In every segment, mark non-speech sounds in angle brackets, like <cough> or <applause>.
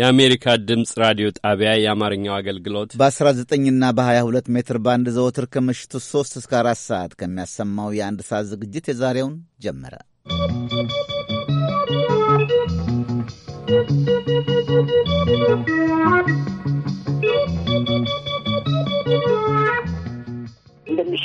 የአሜሪካ ድምፅ ራዲዮ ጣቢያ የአማርኛው አገልግሎት በ19 ና በ22 ሜትር ባንድ ዘወትር ከምሽቱ 3 እስከ 4 ሰዓት ከሚያሰማው የአንድ ሰዓት ዝግጅት የዛሬውን ጀመረ።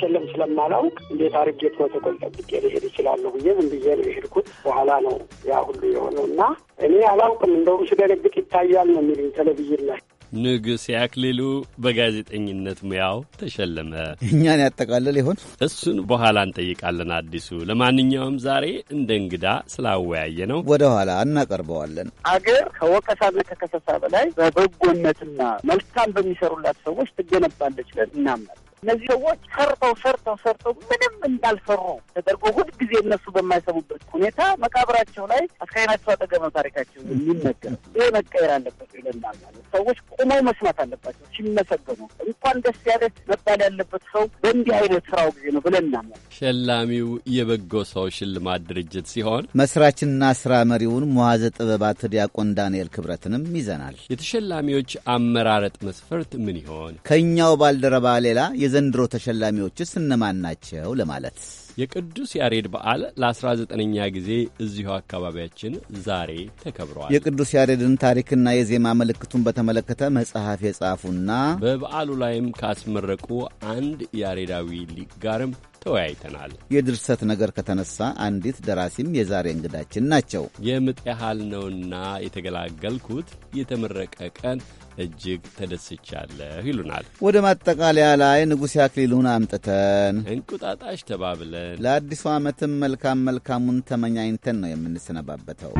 እንደምሸለም ስለማላውቅ እንዴት አድርጌ ፕሮቶኮል ጠብቄ ልሄድ ይችላሉ ብዬ ዝም ብዬ ነው የሄድኩት። በኋላ ነው ያ ሁሉ የሆነው እና እኔ አላውቅም፣ እንደውም ስደነግጥ ይታያል ነው የሚሉኝ ቴሌቪዥን ላይ። ንጉሥ ያክሊሉ በጋዜጠኝነት ሙያው ተሸለመ። እኛን ያጠቃልል ይሆን? እሱን በኋላ እንጠይቃለን። አዲሱ ለማንኛውም ዛሬ እንደ እንግዳ ስላወያየ ነው ወደ ኋላ እናቀርበዋለን። አገር ከወቀሳና ከከሰሳ በላይ በበጎነትና መልካም በሚሰሩላት ሰዎች ትገነባለች ብለን እናምናለን። እነዚህ ሰዎች ሰርተው ሰርተው ሰርተው ምንም እንዳልሰሩ ተደርጎ ሁልጊዜ እነሱ በማይሰቡበት ሁኔታ መቃብራቸው ላይ አስካይናቸው አጠገብ ነው ታሪካቸው የሚነገር። ይህ መቀየር አለበት ይለናል። ሰዎች ቁመው መስማት አለባቸው ሲመሰገኑ። እንኳን ደስ ያለች መባል ያለበት ሰው በእንዲህ አይነት ስራው ጊዜ ነው ብለናል። ሸላሚው የበጎ ሰው ሽልማት ድርጅት ሲሆን መስራችና ስራ መሪውን መዋዘ ጥበባት ዲያቆን ዳንኤል ክብረትንም ይዘናል። የተሸላሚዎች አመራረጥ መስፈርት ምን ይሆን? ከእኛው ባልደረባ ሌላ የዘንድሮ ተሸላሚዎችስ እነማን ናቸው ለማለት የቅዱስ ያሬድ በዓል ለ19ኛ ጊዜ እዚሁ አካባቢያችን ዛሬ ተከብረዋል። የቅዱስ ያሬድን ታሪክና የዜማ ምልክቱን በተመለከተ መጽሐፍ የጻፉና በበዓሉ ላይም ካስመረቁ አንድ ያሬዳዊ ሊቅ ጋርም ተወያይተናል። የድርሰት ነገር ከተነሳ አንዲት ደራሲም የዛሬ እንግዳችን ናቸው። የምጥ ያህል ነውና የተገላገልኩት የተመረቀ ቀን እጅግ ተደስቻለሁ ይሉናል። ወደ ማጠቃለያ ላይ ንጉሥ አክሊሉን አምጥተን እንቁጣጣሽ ተባብለን ለአዲሱ ዓመትም መልካም መልካሙን ተመኛኝተን ነው የምንሰነባበተው።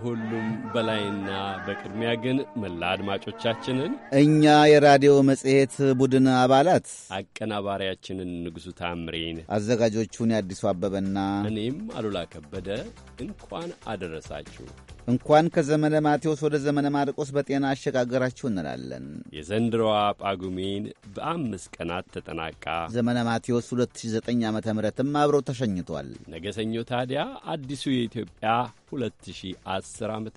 ከሁሉም በላይና በቅድሚያ ግን መላ አድማጮቻችንን እኛ የራዲዮ መጽሔት ቡድን አባላት አቀናባሪያችንን ንጉሡ ታምሬን፣ አዘጋጆቹን የአዲሱ አበበና እኔም አሉላ ከበደ እንኳን አደረሳችሁ። እንኳን ከዘመነ ማቴዎስ ወደ ዘመነ ማርቆስ በጤና አሸጋገራችሁ እንላለን። የዘንድሮዋ ጳጉሜን በአምስት ቀናት ተጠናቃ ዘመነ ማቴዎስ 2009 ዓ ም አብረው ተሸኝቷል። ነገ ሰኞ ታዲያ አዲሱ የኢትዮጵያ 2010 ዓ ም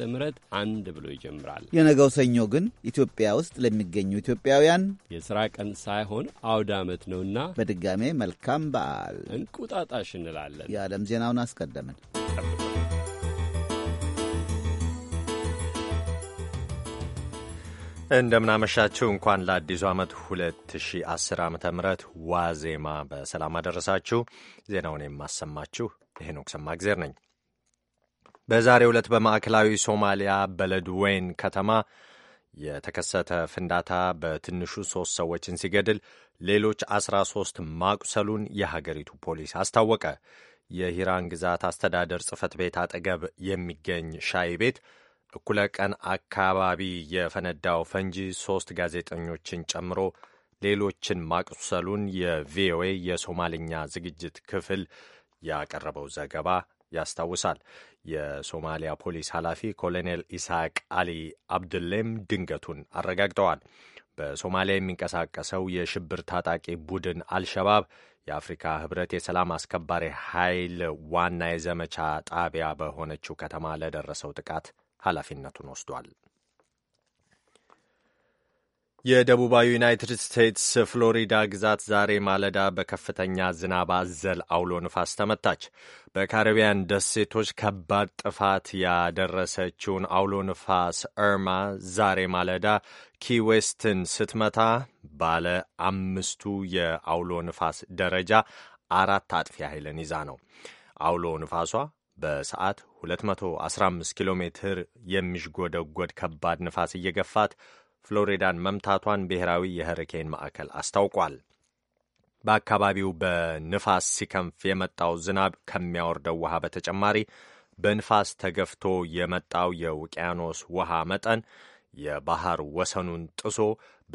አንድ ብሎ ይጀምራል። የነገው ሰኞ ግን ኢትዮጵያ ውስጥ ለሚገኙ ኢትዮጵያውያን የሥራ ቀን ሳይሆን አውደ ዓመት ነውና በድጋሜ መልካም በዓል እንቁጣጣሽ እንላለን። የዓለም ዜናውን አስቀደምን። እንደምናመሻችሁ እንኳን ለአዲሱ ዓመት 2010 ዓ ም ዋዜማ በሰላም አደረሳችሁ። ዜናውን የማሰማችሁ ሄኖክ ሰማእግዜር ነኝ። በዛሬ ዕለት በማዕከላዊ ሶማሊያ በለድወይን ከተማ የተከሰተ ፍንዳታ በትንሹ ሦስት ሰዎችን ሲገድል ሌሎች ሦስት ማቁሰሉን የሀገሪቱ ፖሊስ አስታወቀ። የሂራን ግዛት አስተዳደር ጽህፈት ቤት አጠገብ የሚገኝ ሻይ ቤት እኩለ ቀን አካባቢ የፈነዳው ፈንጂ ሶስት ጋዜጠኞችን ጨምሮ ሌሎችን ማቁሰሉን የቪኦኤ የሶማልኛ ዝግጅት ክፍል ያቀረበው ዘገባ ያስታውሳል። የሶማሊያ ፖሊስ ኃላፊ ኮሎኔል ኢስሐቅ አሊ አብድሌም ድንገቱን አረጋግጠዋል። በሶማሊያ የሚንቀሳቀሰው የሽብር ታጣቂ ቡድን አልሸባብ የአፍሪካ ህብረት የሰላም አስከባሪ ኃይል ዋና የዘመቻ ጣቢያ በሆነችው ከተማ ለደረሰው ጥቃት ኃላፊነቱን ወስዷል። የደቡባዊ ዩናይትድ ስቴትስ ፍሎሪዳ ግዛት ዛሬ ማለዳ በከፍተኛ ዝናብ አዘል አውሎ ንፋስ ተመታች። በካሪቢያን ደሴቶች ከባድ ጥፋት ያደረሰችውን አውሎ ንፋስ እርማ ዛሬ ማለዳ ኪዌስትን ስትመታ ባለ አምስቱ የአውሎ ንፋስ ደረጃ አራት አጥፊ ኃይልን ይዛ ነው። አውሎ ንፋሷ በሰዓት 215 ኪሎ ሜትር የሚሽጎደጎድ ከባድ ንፋስ እየገፋት ፍሎሪዳን መምታቷን ብሔራዊ የሄሪኬን ማዕከል አስታውቋል። በአካባቢው በንፋስ ሲከንፍ የመጣው ዝናብ ከሚያወርደው ውሃ በተጨማሪ በንፋስ ተገፍቶ የመጣው የውቅያኖስ ውሃ መጠን የባህር ወሰኑን ጥሶ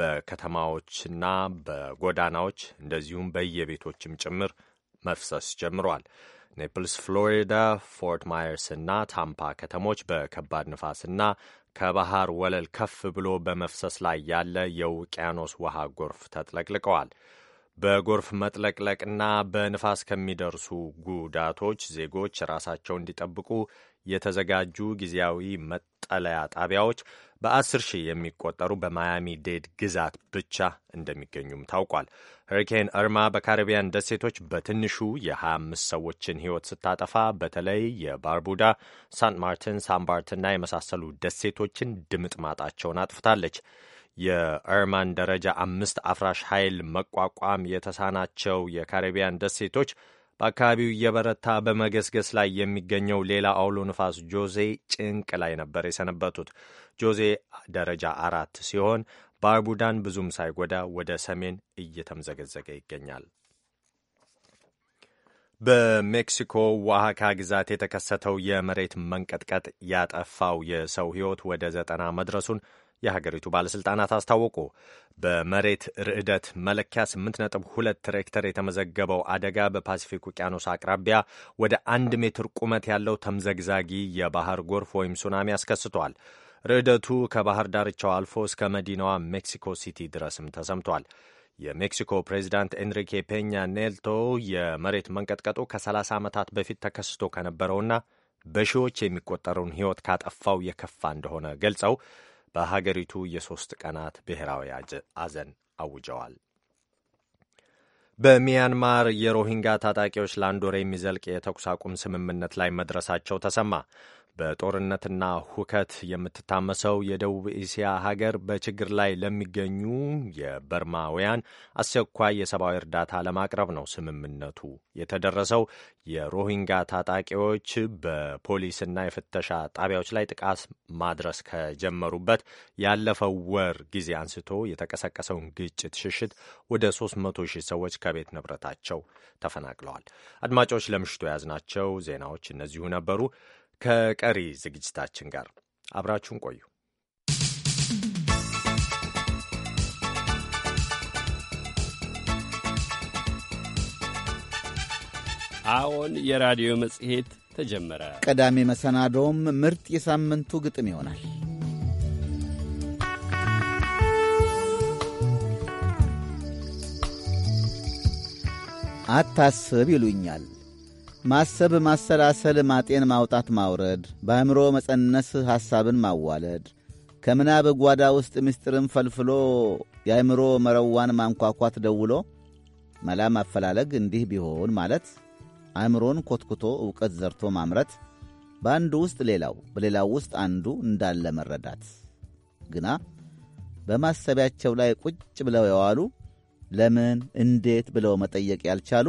በከተማዎችና በጎዳናዎች እንደዚሁም በየቤቶችም ጭምር መፍሰስ ጀምሯል። ኔፕልስ ፍሎሪዳ፣ ፎርት እና ታምፓ ከተሞች በከባድ ንፋስና ከባህር ወለል ከፍ ብሎ በመፍሰስ ላይ ያለ የውቅያኖስ ውሃ ጎርፍ ተጥለቅልቀዋል። በጎርፍ መጥለቅለቅና በንፋስ ከሚደርሱ ጉዳቶች ዜጎች ራሳቸውን እንዲጠብቁ የተዘጋጁ ጊዜያዊ መጠለያ ጣቢያዎች በአስር ሺህ የሚቆጠሩ በማያሚ ዴድ ግዛት ብቻ እንደሚገኙም ታውቋል። ሄሪኬን እርማ በካሪቢያን ደሴቶች በትንሹ የ25 ሰዎችን ሕይወት ስታጠፋ በተለይ የባርቡዳ፣ ሳንት ማርትን፣ ሳምባርትና የመሳሰሉ ደሴቶችን ድምጥ ማጣቸውን አጥፍታለች። የእርማን ደረጃ አምስት አፍራሽ ኃይል መቋቋም የተሳናቸው የካሪቢያን ደሴቶች በአካባቢው እየበረታ በመገስገስ ላይ የሚገኘው ሌላ አውሎ ንፋስ ጆዜ ጭንቅ ላይ ነበር የሰነበቱት። ጆዜ ደረጃ አራት ሲሆን ባርቡዳን ብዙም ሳይጎዳ ወደ ሰሜን እየተምዘገዘገ ይገኛል። በሜክሲኮ ዋሃካ ግዛት የተከሰተው የመሬት መንቀጥቀጥ ያጠፋው የሰው ሕይወት ወደ ዘጠና መድረሱን የሀገሪቱ ባለሥልጣናት አስታወቁ። በመሬት ርዕደት መለኪያ 8.2 ሬክተር የተመዘገበው አደጋ በፓሲፊክ ውቅያኖስ አቅራቢያ ወደ አንድ ሜትር ቁመት ያለው ተምዘግዛጊ የባህር ጎርፍ ወይም ሱናሚ አስከስቷል። ርዕደቱ ከባህር ዳርቻው አልፎ እስከ መዲናዋ ሜክሲኮ ሲቲ ድረስም ተሰምቷል። የሜክሲኮ ፕሬዚዳንት ኤንሪኬ ፔኛ ኔልቶ የመሬት መንቀጥቀጡ ከ30 ዓመታት በፊት ተከስቶ ከነበረውና በሺዎች የሚቆጠረውን ሕይወት ካጠፋው የከፋ እንደሆነ ገልጸው በሀገሪቱ የሦስት ቀናት ብሔራዊ አዘን አውጀዋል። በሚያንማር የሮሂንጋ ታጣቂዎች ለአንድ ወር የሚዘልቅ የተኩስ አቁም ስምምነት ላይ መድረሳቸው ተሰማ። በጦርነትና ሁከት የምትታመሰው የደቡብ እስያ ሀገር በችግር ላይ ለሚገኙ የበርማውያን አስቸኳይ የሰብአዊ እርዳታ ለማቅረብ ነው ስምምነቱ የተደረሰው። የሮሂንጋ ታጣቂዎች በፖሊስና የፍተሻ ጣቢያዎች ላይ ጥቃት ማድረስ ከጀመሩበት ያለፈው ወር ጊዜ አንስቶ የተቀሰቀሰውን ግጭት ሽሽት ወደ 300 ሺህ ሰዎች ከቤት ንብረታቸው ተፈናቅለዋል። አድማጮች ለምሽቱ የያዝናቸው ዜናዎች እነዚሁ ነበሩ። ከቀሪ ዝግጅታችን ጋር አብራችሁን ቆዩ። አዎን፣ የራዲዮ መጽሔት ተጀመረ። ቀዳሚ መሰናዶውም ምርጥ የሳምንቱ ግጥም ይሆናል። አታስብ ይሉኛል ማሰብ፣ ማሰላሰል፣ ማጤን፣ ማውጣት፣ ማውረድ፣ በአእምሮ መጸነስ፣ ሐሳብን ማዋለድ፣ ከምናብ ጓዳ ውስጥ ምስጢርን ፈልፍሎ የአእምሮ መረዋን ማንኳኳት፣ ደውሎ መላ ማፈላለግ፣ እንዲህ ቢሆን ማለት አእምሮን ኮትኩቶ ዕውቀት ዘርቶ ማምረት፣ በአንዱ ውስጥ ሌላው በሌላው ውስጥ አንዱ እንዳለ መረዳት ግና በማሰቢያቸው ላይ ቁጭ ብለው የዋሉ ለምን እንዴት ብለው መጠየቅ ያልቻሉ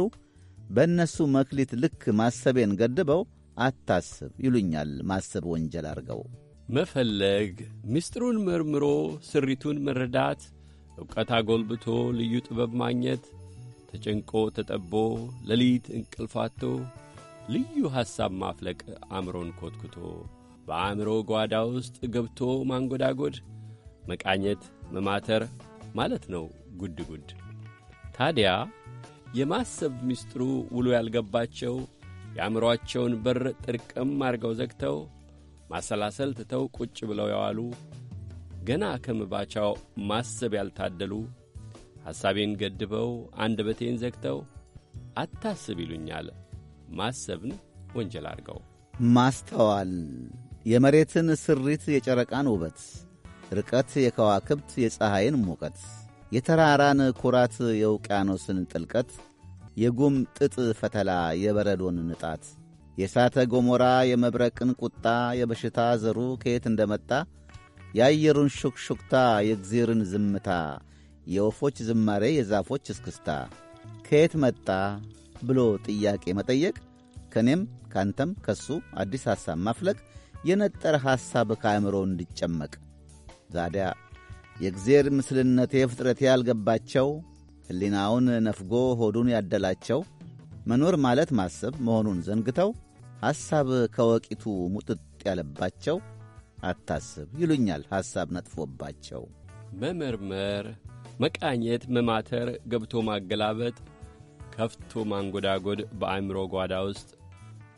በእነሱ መክሊት ልክ ማሰቤን ገድበው አታስብ ይሉኛል። ማሰብ ወንጀል አድርገው መፈለግ፣ ምስጢሩን መርምሮ ስሪቱን መረዳት፣ ዕውቀት አጎልብቶ ልዩ ጥበብ ማግኘት፣ ተጨንቆ ተጠቦ ሌሊት እንቅልፋቶ ልዩ ሐሳብ ማፍለቅ፣ አእምሮን ኮትኩቶ በአእምሮ ጓዳ ውስጥ ገብቶ ማንጎዳጎድ፣ መቃኘት፣ መማተር ማለት ነው ጉድ ጉድ ታዲያ የማሰብ ምስጢሩ ውሎ ያልገባቸው የአእምሮአቸውን በር ጥርቅም አድርገው ዘግተው ማሰላሰል ትተው ቁጭ ብለው ያዋሉ ገና ከምባቻው ማሰብ ያልታደሉ ሐሳቤን ገድበው አንደበቴን ዘግተው አታስብ ይሉኛል። ማሰብን ወንጀል አድርገው ማስተዋል የመሬትን ስሪት፣ የጨረቃን ውበት፣ ርቀት፣ የከዋክብት የፀሐይን ሙቀት የተራራን ኩራት፣ የውቅያኖስን ጥልቀት፣ የጉም ጥጥ ፈተላ፣ የበረዶን ንጣት፣ የእሳተ ገሞራ የመብረቅን ቁጣ፣ የበሽታ ዘሩ ከየት እንደመጣ፣ የአየሩን ሹክሹክታ፣ የእግዜርን ዝምታ፣ የወፎች ዝማሬ፣ የዛፎች እስክስታ ከየት መጣ ብሎ ጥያቄ መጠየቅ ከእኔም ካንተም ከሱ አዲስ ሐሳብ ማፍለቅ የነጠረ ሐሳብ ከአእምሮ እንዲጨመቅ ዛዲያ የእግዜር ምስልነቴ ፍጥረቴ ያልገባቸው ሕሊናውን ነፍጎ ሆዱን ያደላቸው መኖር ማለት ማሰብ መሆኑን ዘንግተው ሐሳብ ከወቂቱ ሙጥጥ ያለባቸው አታስብ ይሉኛል ሐሳብ ነጥፎባቸው። መመርመር፣ መቃኘት፣ መማተር፣ ገብቶ ማገላበጥ፣ ከፍቶ ማንጎዳጎድ በአእምሮ ጓዳ ውስጥ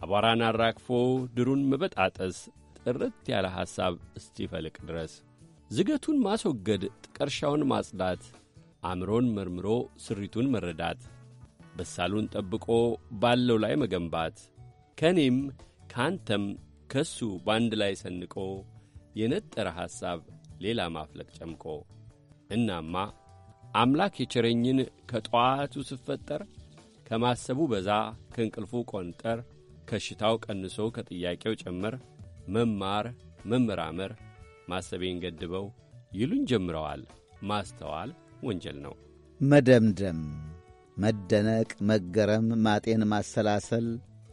አቧራን አራግፎ ድሩን መበጣጠስ ጥርት ያለ ሐሳብ እስቲፈልቅ ድረስ ዝገቱን ማስወገድ፣ ጥቀርሻውን ማጽዳት፣ አእምሮን መርምሮ ስሪቱን መረዳት፣ በሳሉን ጠብቆ ባለው ላይ መገንባት፣ ከእኔም ከአንተም ከሱ በአንድ ላይ ሰንቆ የነጠረ ሐሳብ ሌላ ማፍለቅ ጨምቆ እናማ አምላክ የቸረኝን ከጠዋቱ ስፈጠር ከማሰቡ በዛ ከእንቅልፉ ቈንጠር ከሽታው ቀንሶ ከጥያቄው ጨመር መማር መመራመር ማሰቤን ገድበው ይሉን ጀምረዋል። ማስተዋል ወንጀል ነው። መደምደም፣ መደነቅ፣ መገረም፣ ማጤን፣ ማሰላሰል፣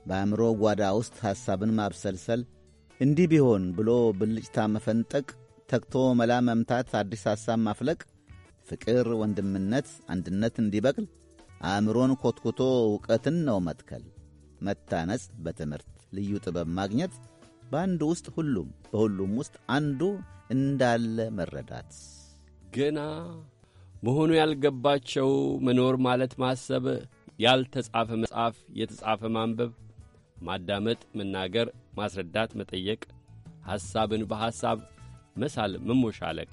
በአእምሮ ጓዳ ውስጥ ሐሳብን ማብሰልሰል፣ እንዲህ ቢሆን ብሎ ብልጭታ መፈንጠቅ፣ ተግቶ መላ መምታት፣ አዲስ ሐሳብ ማፍለቅ፣ ፍቅር፣ ወንድምነት፣ አንድነት እንዲበቅል አእምሮን ኮትኩቶ ዕውቀትን ነው መትከል። መታነጽ፣ በትምህርት ልዩ ጥበብ ማግኘት በአንዱ ውስጥ ሁሉም፣ በሁሉም ውስጥ አንዱ እንዳለ መረዳት ገና መሆኑ ያልገባቸው መኖር ማለት ማሰብ፣ ያልተጻፈ መጽሐፍ የተጻፈ ማንበብ፣ ማዳመጥ፣ መናገር፣ ማስረዳት፣ መጠየቅ፣ ሐሳብን በሐሳብ መሳል፣ መሞሻለቅ፣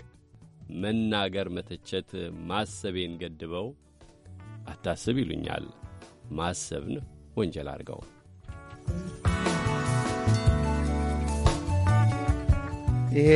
መናገር፣ መተቸት፣ ማሰቤን ገድበው አታስብ ይሉኛል። ማሰብን ወንጀል አድርገው ይሄ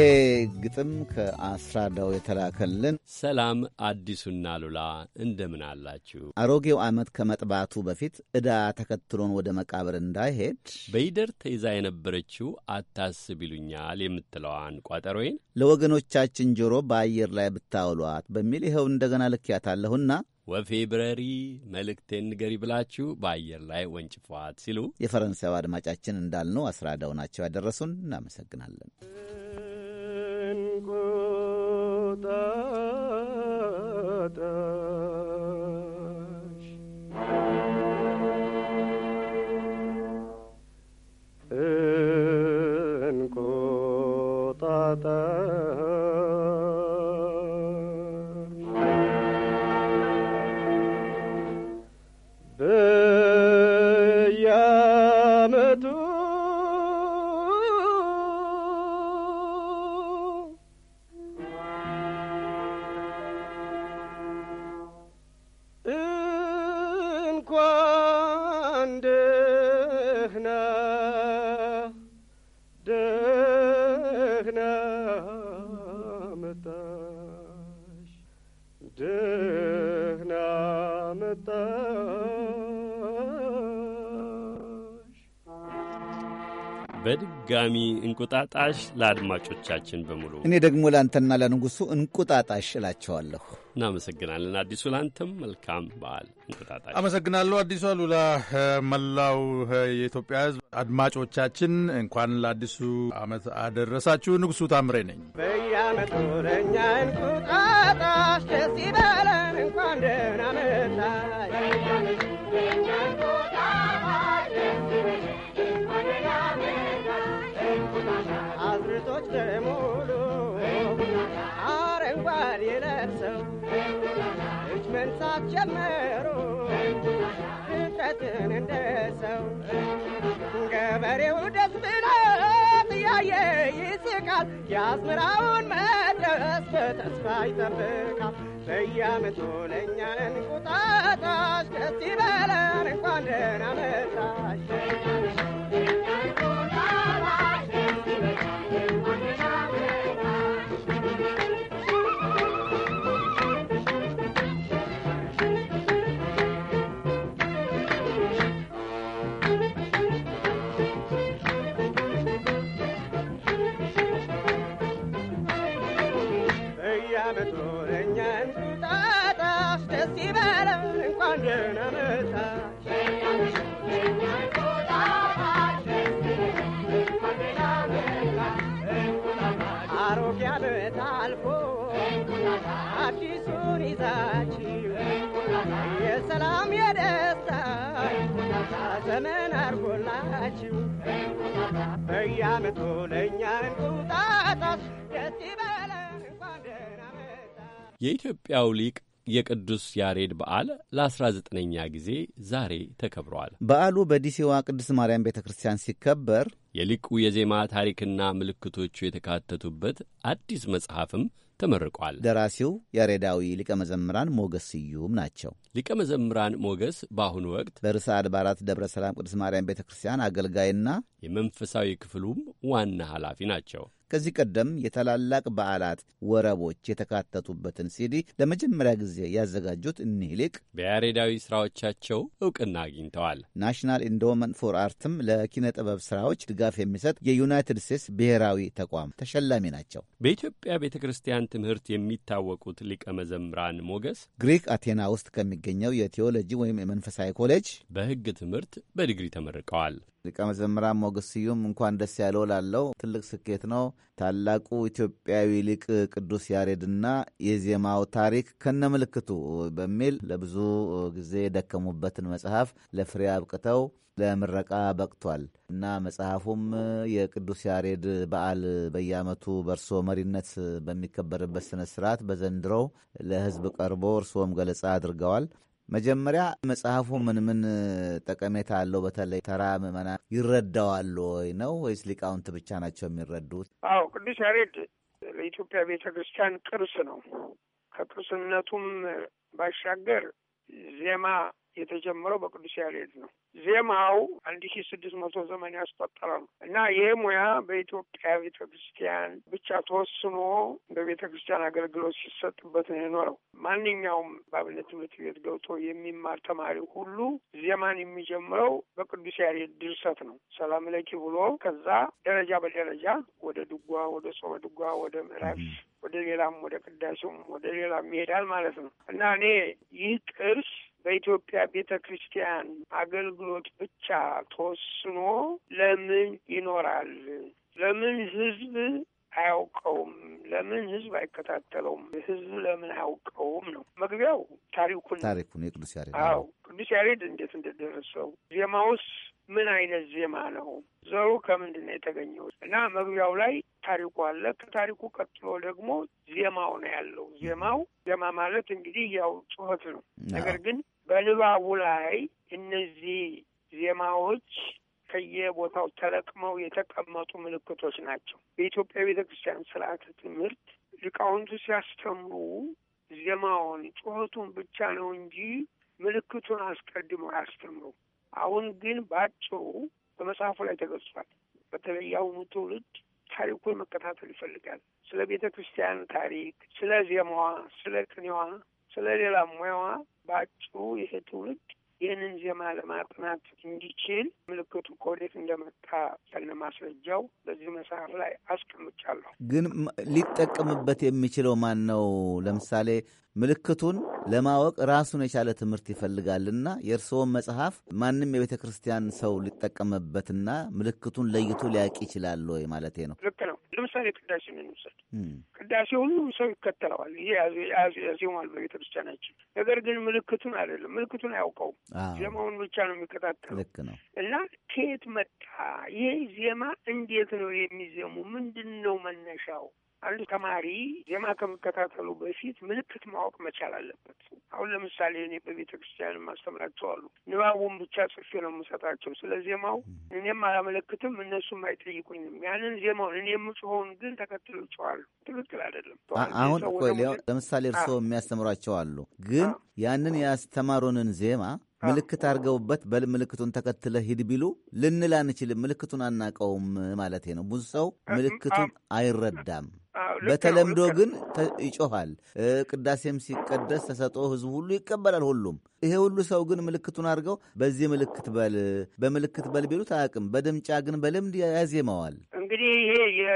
ግጥም ከአስራዳው የተላከልን። ሰላም አዲሱና ሉላ እንደምን አላችሁ? አሮጌው ዓመት ከመጥባቱ በፊት ዕዳ ተከትሎን ወደ መቃብር እንዳይሄድ በይደር ተይዛ የነበረችው አታስብ ይሉኛል የምትለዋን ቋጠሮዬን ለወገኖቻችን ጆሮ በአየር ላይ ብታውሏት በሚል ይኸው እንደገና ልክያታለሁና ወፌብረሪ መልእክቴን ንገሪ ብላችሁ በአየር ላይ ወንጭፏት ሲሉ የፈረንሳዊ አድማጫችን እንዳልነው አስራዳው ናቸው ያደረሱን። እናመሰግናለን። ta በድጋሚ እንቁጣጣሽ ለአድማጮቻችን በሙሉ። እኔ ደግሞ ለአንተና ለንጉሡ እንቁጣጣሽ እላቸዋለሁ። እናመሰግናለን አዲሱ፣ ለአንተም መልካም በዓል እንቁጣጣሽ። አመሰግናለሁ አዲሱ አሉላ። መላው የኢትዮጵያ ሕዝብ አድማጮቻችን እንኳን ለአዲሱ ዓመት አደረሳችሁ። ንጉሡ ታምሬ ነኝ። በየዓመቱ ለእኛ እንቁጣጣሽ ደስ ይበለን እንኳን ጨምሮ እንጨትን እንደ ሰው ገበሬው ደስ ብሎት ያየ ይስቃል። የአዝመራውን መድረስ በተስፋ ይጠብቃል። በየዓመቱ ለእኛ እንቁጣጣሽ ደስ ይበለን እንኳን ደህና መጣሽ የደስታ ዘመን አርጎላችሁ በየዓመቱ ለእኛ እንቁጣጣሽ ደስ ይበለን እንኳን ደህና መጣ የኢትዮጵያው ሊቅ የቅዱስ ያሬድ በዓል ለ19ኛ ጊዜ ዛሬ ተከብረዋል። በዓሉ በዲሲዋ ቅዱስ ማርያም ቤተ ክርስቲያን ሲከበር የሊቁ የዜማ ታሪክና ምልክቶቹ የተካተቱበት አዲስ መጽሐፍም ተመርቋል። ደራሲው ያሬዳዊ ሊቀ መዘምራን ሞገስ ስዩም ናቸው። ሊቀ መዘምራን ሞገስ በአሁኑ ወቅት በርዕሰ አድባራት ደብረ ሰላም ቅዱስ ማርያም ቤተ ክርስቲያን አገልጋይና የመንፈሳዊ ክፍሉም ዋና ኃላፊ ናቸው። ከዚህ ቀደም የታላላቅ በዓላት ወረቦች የተካተቱበትን ሲዲ ለመጀመሪያ ጊዜ ያዘጋጁት እኒህ ሊቅ በያሬዳዊ ስራዎቻቸው እውቅና አግኝተዋል። ናሽናል ኢንዶመንት ፎር አርትም ለኪነ ጥበብ ስራዎች ድጋፍ የሚሰጥ የዩናይትድ ስቴትስ ብሔራዊ ተቋም ተሸላሚ ናቸው። በኢትዮጵያ ቤተ ክርስቲያን ትምህርት የሚታወቁት ሊቀ መዘምራን ሞገስ ግሪክ አቴና ውስጥ ከሚገኘው የቴዎሎጂ ወይም የመንፈሳዊ ኮሌጅ በሕግ ትምህርት በዲግሪ ተመርቀዋል። ሊቀ መዘምራን ሞገስ ስዩም እንኳን ደስ ያለው ላለው ትልቅ ስኬት ነው። ታላቁ ኢትዮጵያዊ ሊቅ ቅዱስ ያሬድና የዜማው ታሪክ ከነምልክቱ በሚል ለብዙ ጊዜ የደከሙበትን መጽሐፍ ለፍሬ አብቅተው ለምረቃ በቅቷል እና መጽሐፉም የቅዱስ ያሬድ በዓል በየዓመቱ በእርሶ መሪነት በሚከበርበት ስነ ስርዓት በዘንድሮው ለሕዝብ ቀርቦ እርሶም ገለጻ አድርገዋል። መጀመሪያ መጽሐፉ ምን ምን ጠቀሜታ አለው? በተለይ ተራ ምዕመናን ይረዳዋሉ ወይ ነው ወይስ ሊቃውንት ብቻ ናቸው የሚረዱት? አዎ ቅዱስ ያሬድ ለኢትዮጵያ ቤተ ክርስቲያን ቅርስ ነው። ከቅርስነቱም ባሻገር ዜማ የተጀመረው በቅዱስ ያሬድ ነው። ዜማው አንድ ሺ ስድስት መቶ ዘመን ያስቆጠረ ነው እና ይሄ ሙያ በኢትዮጵያ ቤተ ክርስቲያን ብቻ ተወስኖ በቤተ ክርስቲያን አገልግሎት ሲሰጥበት ነው የኖረው። ማንኛውም በአብነት ትምህርት ቤት ገብቶ የሚማር ተማሪ ሁሉ ዜማን የሚጀምረው በቅዱስ ያሬድ ድርሰት ነው። ሰላም ለኪ ብሎ ከዛ ደረጃ በደረጃ ወደ ድጓ፣ ወደ ጾመ ድጓ፣ ወደ ምዕራፍ ወደ ሌላም ወደ ቅዳሴውም ወደ ሌላም ይሄዳል ማለት ነው እና እኔ ይህ ቅርስ በኢትዮጵያ ቤተ ክርስቲያን አገልግሎት ብቻ ተወስኖ ለምን ይኖራል? ለምን ህዝብ አያውቀውም? ለምን ህዝብ አይከታተለውም? ህዝብ ለምን አያውቀውም ነው መግቢያው። ታሪኩን ታሪኩን የቅዱስ ያሬድ አዎ፣ ቅዱስ ያሬድ እንዴት እንደደረሰው ዜማውስ ምን አይነት ዜማ ነው? ዘሩ ከምንድን ነው የተገኘው? እና መግቢያው ላይ ታሪኩ አለ። ከታሪኩ ቀጥሎ ደግሞ ዜማው ነው ያለው። ዜማው ዜማ ማለት እንግዲህ ያው ጩኸት ነው። ነገር ግን በንባቡ ላይ እነዚህ ዜማዎች ከየቦታው ተለቅመው የተቀመጡ ምልክቶች ናቸው። በኢትዮጵያ ቤተ ክርስቲያን ስርዓተ ትምህርት ሊቃውንቱ ሲያስተምሩ ዜማውን፣ ጩኸቱን ብቻ ነው እንጂ ምልክቱን አስቀድሞ አያስተምሩ። አሁን ግን በአጭሩ በመጽሐፉ ላይ ተገልጿል። በተለይ የአሁኑ ትውልድ ታሪኩን መከታተል ይፈልጋል። ስለ ቤተ ክርስቲያን ታሪክ፣ ስለ ዜማዋ፣ ስለ ቅኔዋ፣ ስለ ሌላ ሙያዋ በአጭሩ ይሄ ትውልድ ይህንን ዜማ ለማጥናት እንዲችል ምልክቱ ከወዴት እንደመጣ ያለ ማስረጃው በዚህ መጽሐፍ ላይ አስቀምጫለሁ። ግን ሊጠቀምበት የሚችለው ማን ነው? ለምሳሌ ምልክቱን ለማወቅ ራሱን የቻለ ትምህርት ይፈልጋልና የእርስዎን መጽሐፍ ማንም የቤተ ክርስቲያን ሰው ሊጠቀምበትና ምልክቱን ለይቶ ሊያውቅ ይችላል ወይ ማለቴ ነው? ልክ ነው። ለምሳሌ ቅዳሴ እንውሰድ። ቅዳሴ ሁሉም ሰው ይከተለዋል፣ ይሄ ያዜማል በቤተ ክርስቲያናችን። ነገር ግን ምልክቱን አይደለም፣ ምልክቱን አያውቀውም። ዜማውን ብቻ ነው የሚከታተለው። ልክ ነው። እና ከየት መጣ ይሄ ዜማ? እንዴት ነው የሚዜሙ? ምንድን ነው መነሻው? አንድ ተማሪ ዜማ ከመከታተሉ በፊት ምልክት ማወቅ መቻል አለበት። አሁን ለምሳሌ እኔ በቤተ ክርስቲያን አሉ ንባቡን ብቻ ጽፌ ነው የምሰጣቸው። ስለ ዜማው እኔም አላመለክትም፣ እነሱም አይጠይቁኝም። ያንን ዜማውን እኔ የምጽሆን ግን ተከትሎ ይጨዋሉ። ትክክል አይደለም። አሁን ለምሳሌ እርስዎ የሚያስተምሯቸው አሉ፣ ግን ያንን ያስተማሩንን ዜማ ምልክት አድርገውበት በል ምልክቱን ተከትለ ሂድ ቢሉ ልንል አንችልም። ምልክቱን አናቀውም ማለት ነው። ብዙ ሰው ምልክቱን አይረዳም። በተለምዶ ግን ይጮኋል። ቅዳሴም ሲቀደስ ተሰጦ ህዝቡ ሁሉ ይቀበላል። ሁሉም ይሄ ሁሉ ሰው ግን ምልክቱን አድርገው በዚህ ምልክት በል በምልክት በል ቢሉት አያውቅም። በድምጫ ግን በልምድ ያዜመዋል። እንግዲህ ይሄ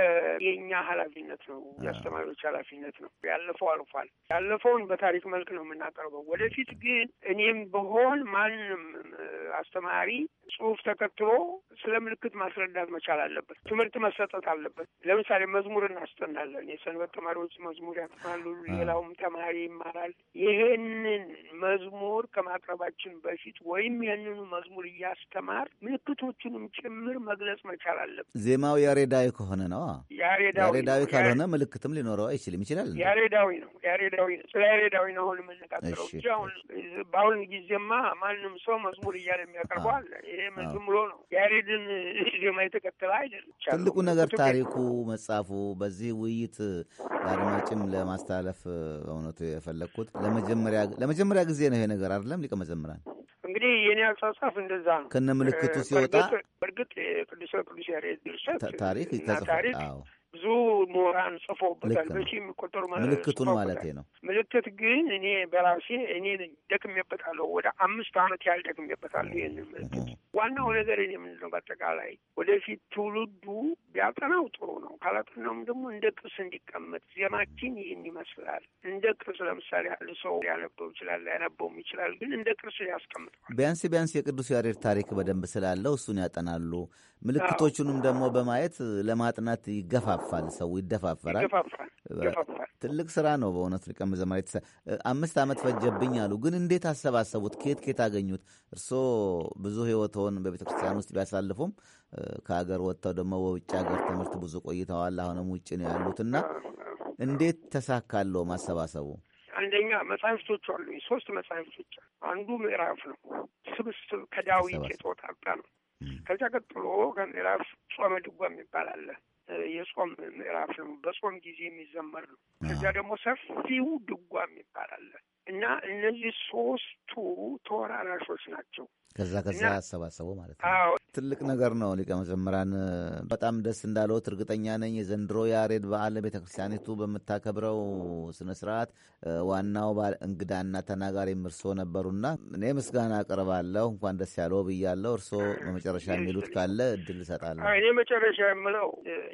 የእኛ ኃላፊነት ነው፣ የአስተማሪዎች ኃላፊነት ነው። ያለፈው አልፏል። ያለፈውን በታሪክ መልክ ነው የምናቀርበው። ወደፊት ግን እኔም በሆን ማንም አስተማሪ ጽሁፍ ተከትሎ ስለ ምልክት ማስረዳት መቻል አለበት። ትምህርት መሰጠት አለበት። ለምሳሌ መዝሙር እናስጠናለን። የሰንበት ተማሪዎች መዝሙር ያጥናሉ፣ ሌላውም ተማሪ ይማራል። ይህንን መዝሙር ከማቅረባችን በፊት ወይም ይህንኑ መዝሙር እያስተማር ምልክቶቹንም ጭምር መግለጽ መቻል አለበት። ዜማው ያሬ ያሬዳዊ ከሆነ ነው። ያሬዳዊ ካልሆነ ምልክትም ሊኖረው አይችልም። ይችላል ያሬዳዊ ነው። ያሬዳዊ ስለ ያሬዳዊ ነው አሁን የምንነጋገረው በአሁን ጊዜማ ማንም ሰው መዝሙር እያለ የሚያቀርበዋል። ይሄ ዝም ብሎ ነው። ያሬድን ዜማ የተከተለ አይደለም። ትልቁ ነገር ታሪኩ፣ መጽሐፉ በዚህ ውይይት ለአድማጭም ለማስተላለፍ በእውነቱ የፈለግኩት ለመጀመሪያ ጊዜ ነው ይሄ ነገር አይደለም ሊቀ መዘምራን እንግዲህ የኔ አሳሳፍ እንደዛ ነው። ከነ ምልክቱ ሲወጣ በእርግጥ ቅዱስ ቅዱስ ያሬድ ድርሰት ታሪክ ብዙ ምሁራን ጽፎበታል። በሺ የሚቆጠሩ ምልክቱን ማለት ነው። ምልክት ግን እኔ በራሴ እኔ ደክሜበታለሁ። ወደ አምስት አመት ያህል ደክሜበታለሁ ይህንን ምልክት። ዋናው ነገር እኔ የምንለው በአጠቃላይ ወደፊት ትውልዱ ቢያጠናው ጥሩ ነው። ካላጠናውም ደግሞ እንደ ቅርስ እንዲቀመጥ ዜማችን ይህን ይመስላል። እንደ ቅርስ ለምሳሌ አንድ ሰው ሊያነበው ይችላል፣ ላያነበውም ይችላል። ግን እንደ ቅርስ ያስቀምጠዋል። ቢያንስ ቢያንስ የቅዱስ ያሬድ ታሪክ በደንብ ስላለው እሱን ያጠናሉ። ምልክቶቹንም ደግሞ በማየት ለማጥናት ይገፋል ይገፋፋል፣ ሰው ይደፋፈራል። ትልቅ ስራ ነው በእውነት ሊቀ መዘምራን የተሰ አምስት ዓመት ፈጀብኝ አሉ። ግን እንዴት አሰባሰቡት? ኬት ኬት አገኙት? እርስዎ ብዙ ህይወትዎን በቤተ ክርስቲያን ውስጥ ቢያሳልፉም ከሀገር ወጥተው ደግሞ በውጭ ሀገር ትምህርት ብዙ ቆይተዋል። አሁንም ውጭ ነው ያሉትና እንዴት ተሳካለው ማሰባሰቡ? አንደኛ መጽሐፍቶች አሉ፣ ሶስት መጽሐፍቶች። አንዱ ምዕራፍ ነው ስብስብ ከዳዊት የተወጣጣ ነው። ከዚያ ቀጥሎ ከምዕራፍ ጾመ ድጓ የሚባል አለ። የጾም ምዕራፍ ነው። በጾም ጊዜ የሚዘመር ነው። ከዚያ ደግሞ ሰፊው ድጓም ይባላል እና እነዚህ ሶስቱ ተወራራሾች ናቸው። ከዛ ከዛ አሰባሰቡ ማለት ነው። ትልቅ ነገር ነው። ሊቀ መዘምራን በጣም ደስ እንዳለት እርግጠኛ ነኝ። የዘንድሮ የአሬድ በዓል ቤተክርስቲያኒቱ በምታከብረው ስነ ስርዓት ዋናው እንግዳና ተናጋሪ እርሶ ነበሩና እኔ ምስጋና አቅርባለሁ። እንኳን ደስ ያለው ብያለሁ። እርሶ በመጨረሻ የሚሉት ካለ እድል እሰጣለሁ። እኔ መጨረሻ የምለው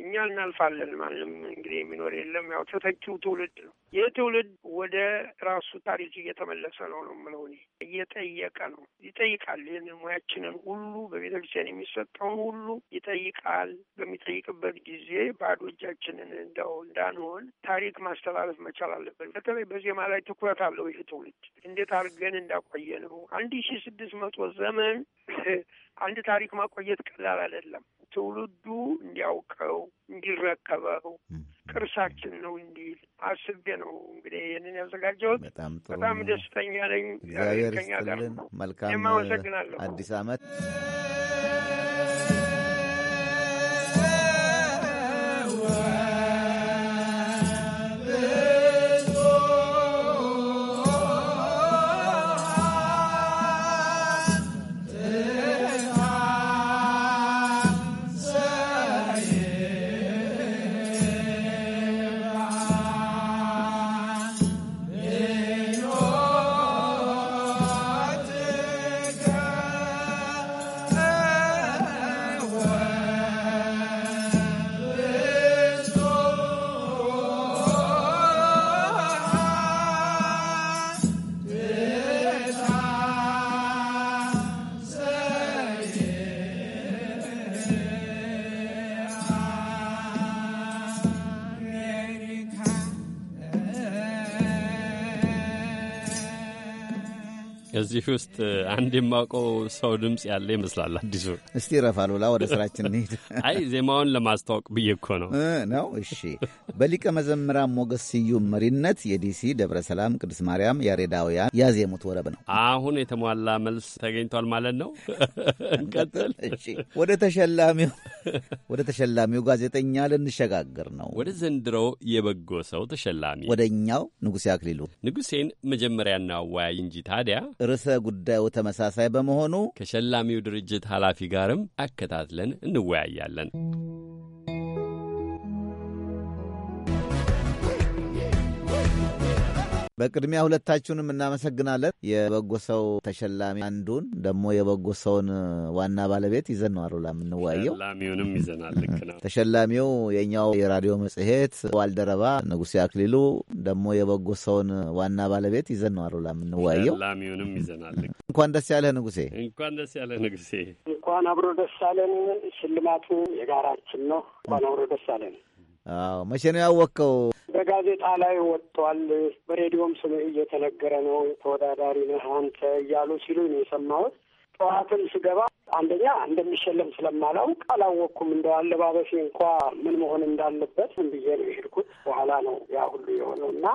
እኛ እናልፋለን። ማንም እንግዲህ የሚኖር የለም። ያው ተተኪው ትውልድ ነው። ይህ ትውልድ ወደ ራሱ ታሪክ እየተመለሰ ነው ነው የምለው እኔ እየጠየቀ ነው ይጠይቃል ሁሌም ሁሉ በቤተ ክርስቲያን የሚሰጠውን ሁሉ ይጠይቃል። በሚጠይቅበት ጊዜ ባዶ እጃችንን እንደው እንዳንሆን ታሪክ ማስተላለፍ መቻል አለበት። በተለይ በዜማ ላይ ትኩረት አለው ይህ ትውልድ እንዴት አድርገን እንዳቆየ ነው። አንድ ሺ ስድስት መቶ ዘመን <clears throat> አንድ ታሪክ ማቆየት ቀላል አይደለም። ትውልዱ እንዲያውቀው እንዲረከበው ቅርሳችን ነው እንዲል አስቤ ነው እንግዲህ ይህንን ያዘጋጀሁት። በጣም ደስተኛ ነኝ። እግዚአብሔር ይስጥልን። መልካም አዲስ አመት። ከዚህ ውስጥ አንድ የማውቀው ሰው ድምፅ ያለ ይመስላል። አዲሱ እስቲ ረፋ ሎላ ወደ ስራችን እንሂድ። አይ ዜማውን ለማስታወቅ ብዬ እኮ ነው ነው። እሺ፣ በሊቀ መዘምራን ሞገስ ስዩም መሪነት የዲሲ ደብረ ሰላም ቅዱስ ማርያም ያሬዳውያን ያዜሙት ወረብ ነው። አሁን የተሟላ መልስ ተገኝቷል ማለት ነው። እንቀጥል <laughs> ወደ ተሸላሚው ወደ ተሸላሚው ጋዜጠኛ ልንሸጋገር ነው። ወደ ዘንድሮ የበጎ ሰው ተሸላሚ ወደ እኛው ንጉሴ አክሊሉ። ንጉሴን መጀመሪያና እናወያይ እንጂ ታዲያ ርዕሰ ጉዳዩ ተመሳሳይ በመሆኑ ከሸላሚው ድርጅት ኃላፊ ጋርም አከታትለን እንወያያለን። በቅድሚያ ሁለታችሁንም እናመሰግናለን። የበጎ ሰው ተሸላሚ አንዱን ደግሞ የበጎ ሰውን ዋና ባለቤት ይዘን ነው አሉላ የምንወያየው። ተሸላሚውንም ይዘናል። ልክ ነው። ተሸላሚው የእኛው የራዲዮ መጽሔት ባልደረባ ንጉሴ አክሊሉ ደግሞ የበጎ ሰውን ዋና ባለቤት ይዘን ነው አሉላ የምንወያየው። ተሸላሚውንም ይዘናል። እንኳን ደስ ያለህ ንጉሴ። እንኳን ደስ ያለህ ንጉሴ። እንኳን አብሮ ደስ አለን። ሽልማቱ የጋራችን ነው። እንኳን አብሮ ደስ አለን። አዎ መቼ ነው ያወቅከው? በጋዜጣ ላይ ወጥቷል፣ በሬዲዮም ስም እየተነገረ ነው፣ ተወዳዳሪ ነህ አንተ እያሉ ሲሉ ነው የሰማሁት። ጠዋትም ስገባ አንደኛ እንደሚሸለም ስለማላውቅ አላወቅኩም። እንደ አለባበሴ እንኳ ምን መሆን እንዳለበት ምን ብዬ ነው የሄድኩት። በኋላ ነው ያ ሁሉ የሆነው እና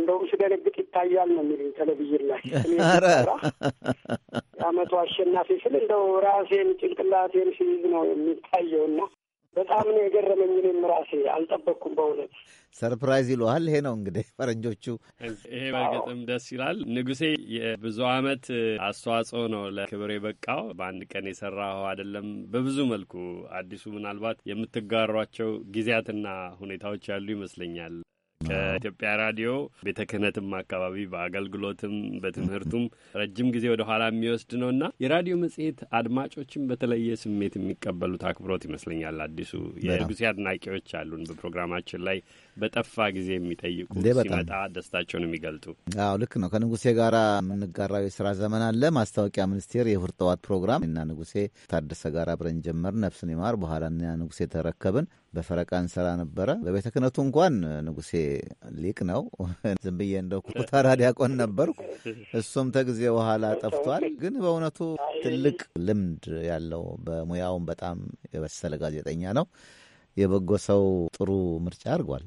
እንደውም ስደነግጥ ይታያል ነው የሚሉኝ ቴሌቪዥን ላይ የአመቱ አሸናፊ ስል እንደው ራሴን ጭንቅላቴን ሲይዝ ነው የሚታየውና በጣም ነው የገረመኝ። እኔም ራሴ አልጠበቅኩም በእውነት ሰርፕራይዝ ይለዋል። ይሄ ነው እንግዲህ ፈረንጆቹ። ይሄ በእርግጥም ደስ ይላል። ንጉሴ የብዙ አመት አስተዋጽኦ ነው ለክብር የበቃው። በአንድ ቀን የሰራው አይደለም። በብዙ መልኩ አዲሱ ምናልባት የምትጋሯቸው ጊዜያትና ሁኔታዎች ያሉ ይመስለኛል። ከኢትዮጵያ ራዲዮ ቤተ ክህነትም አካባቢ በአገልግሎትም በትምህርቱም ረጅም ጊዜ ወደ ኋላ የሚወስድ ነው እና የራዲዮ መጽሔት አድማጮችም በተለየ ስሜት የሚቀበሉት አክብሮት ይመስለኛል። አዲሱ የንጉሴ አድናቂዎች አሉን በፕሮግራማችን ላይ በጠፋ ጊዜ የሚጠይቁ ሲመጣ ደስታቸውን የሚገልጡ አዎ፣ ልክ ነው። ከንጉሴ ጋር የምንጋራው የስራ ዘመን አለ። ማስታወቂያ ሚኒስቴር የሁርጠዋት ፕሮግራም እና ንጉሴ ታደሰ ጋር አብረን ጀመር ነፍስን ይማር በኋላ ንጉሴ ተረከብን በፈረቃ እንሰራ ነበረ። በቤተ ክህነቱ እንኳን ንጉሴ ሊቅ ነው። <laughs> ዝም ብዬ እንደ ኩታራ ዲያቆን ነበርኩ። እሱም ተጊዜ በኋላ ጠፍቷል። ግን በእውነቱ ትልቅ ልምድ ያለው በሙያውም በጣም የበሰለ ጋዜጠኛ ነው። የበጎ ሰው ጥሩ ምርጫ አድርጓል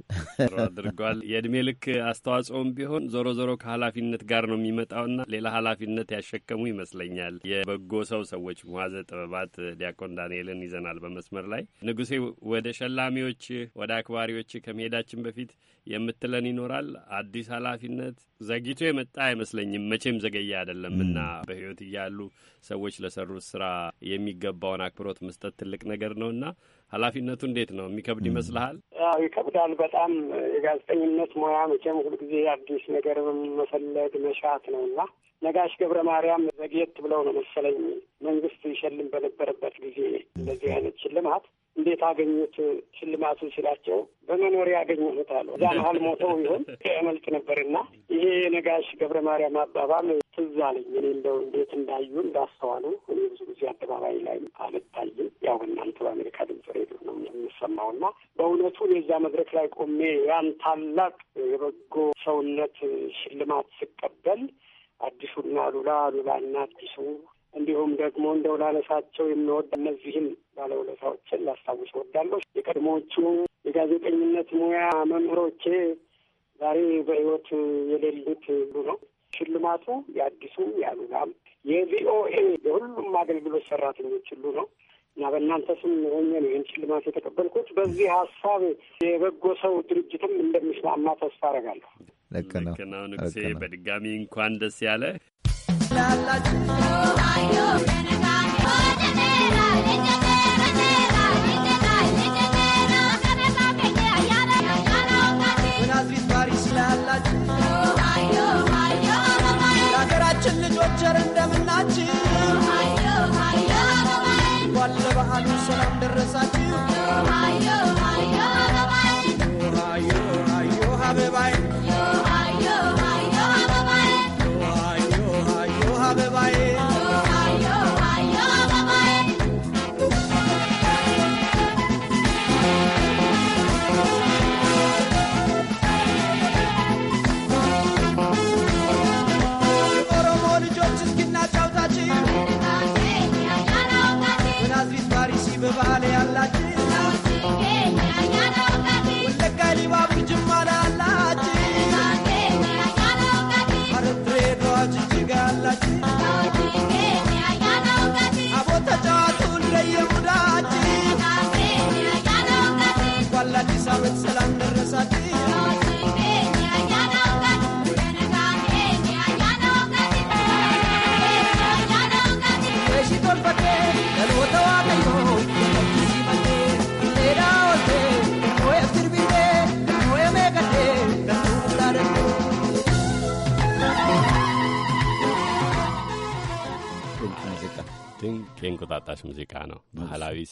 አድርጓል። የእድሜ ልክ አስተዋጽኦም ቢሆን ዞሮ ዞሮ ከኃላፊነት ጋር ነው የሚመጣውና ሌላ ኃላፊነት ያሸከሙ ይመስለኛል። የበጎ ሰው ሰዎች መዋዘ ጥበባት ዲያቆን ዳንኤልን ይዘናል በመስመር ላይ። ንጉሴ፣ ወደ ሸላሚዎች ወደ አክባሪዎች ከመሄዳችን በፊት የምትለን ይኖራል? አዲስ ኃላፊነት ዘግይቶ የመጣ አይመስለኝም። መቼም ዘገየ አይደለምና በህይወት እያሉ ሰዎች ለሰሩት ስራ የሚገባውን አክብሮት መስጠት ትልቅ ነገር ነውና ኃላፊነቱ እንዴት ነው? የሚከብድ ይመስልሃል? ይከብዳል በጣም የጋዜጠኝነት ሙያ መቼም ሁልጊዜ አዲስ ነገር መፈለግ መሻት ነው እና ነጋሽ ገብረ ማርያም ዘግየት ብለው ነው መሰለኝ መንግስት ይሸልም በነበረበት ጊዜ እንደዚህ አይነት ሽልማት እንዴት አገኙት ሽልማቱ ሲላቸው በመኖሪያ ያገኘሁት አሉ። እዛ መሀል ሞተው ይሆን ያመልጥ ነበርና ይሄ የነጋሽ ገብረ ማርያም አባባል ትዝ አለኝ። እኔ እንደው እንዴት እንዳዩ እንዳስተዋሉ እኔ ብዙ ጊዜ አደባባይ ላይ አልታይም። ያው በእናንተ በአሜሪካ ድምጽ ሬዲዮ ነው የምሰማው እና በእውነቱ የዛ መድረክ ላይ ቆሜ ያን ታላቅ የበጎ ሰውነት ሽልማት ስቀበል አዲሱና ሉላ ሉላና አዲሱ እንዲሁም ደግሞ እንደው ላነሳቸው የምወድ እነዚህም ባለውለታዎችን ላስታውስ እወዳለሁ። የቀድሞዎቹ የጋዜጠኝነት ሙያ መምህሮቼ ዛሬ በሕይወት የሌሉት ሁሉ ነው ሽልማቱ የአዲሱ ያሉላም የቪኦኤ የሁሉም አገልግሎት ሰራተኞች ሁሉ ነው እና በእናንተ ስም ሆኜ ነው ይህን ሽልማት የተቀበልኩት። በዚህ ሀሳብ የበጎ ሰው ድርጅትም እንደሚስማማ ተስፋ አረጋለሁ። ልክ ነው ንጉሴ፣ በድጋሚ እንኳን ደስ ያለ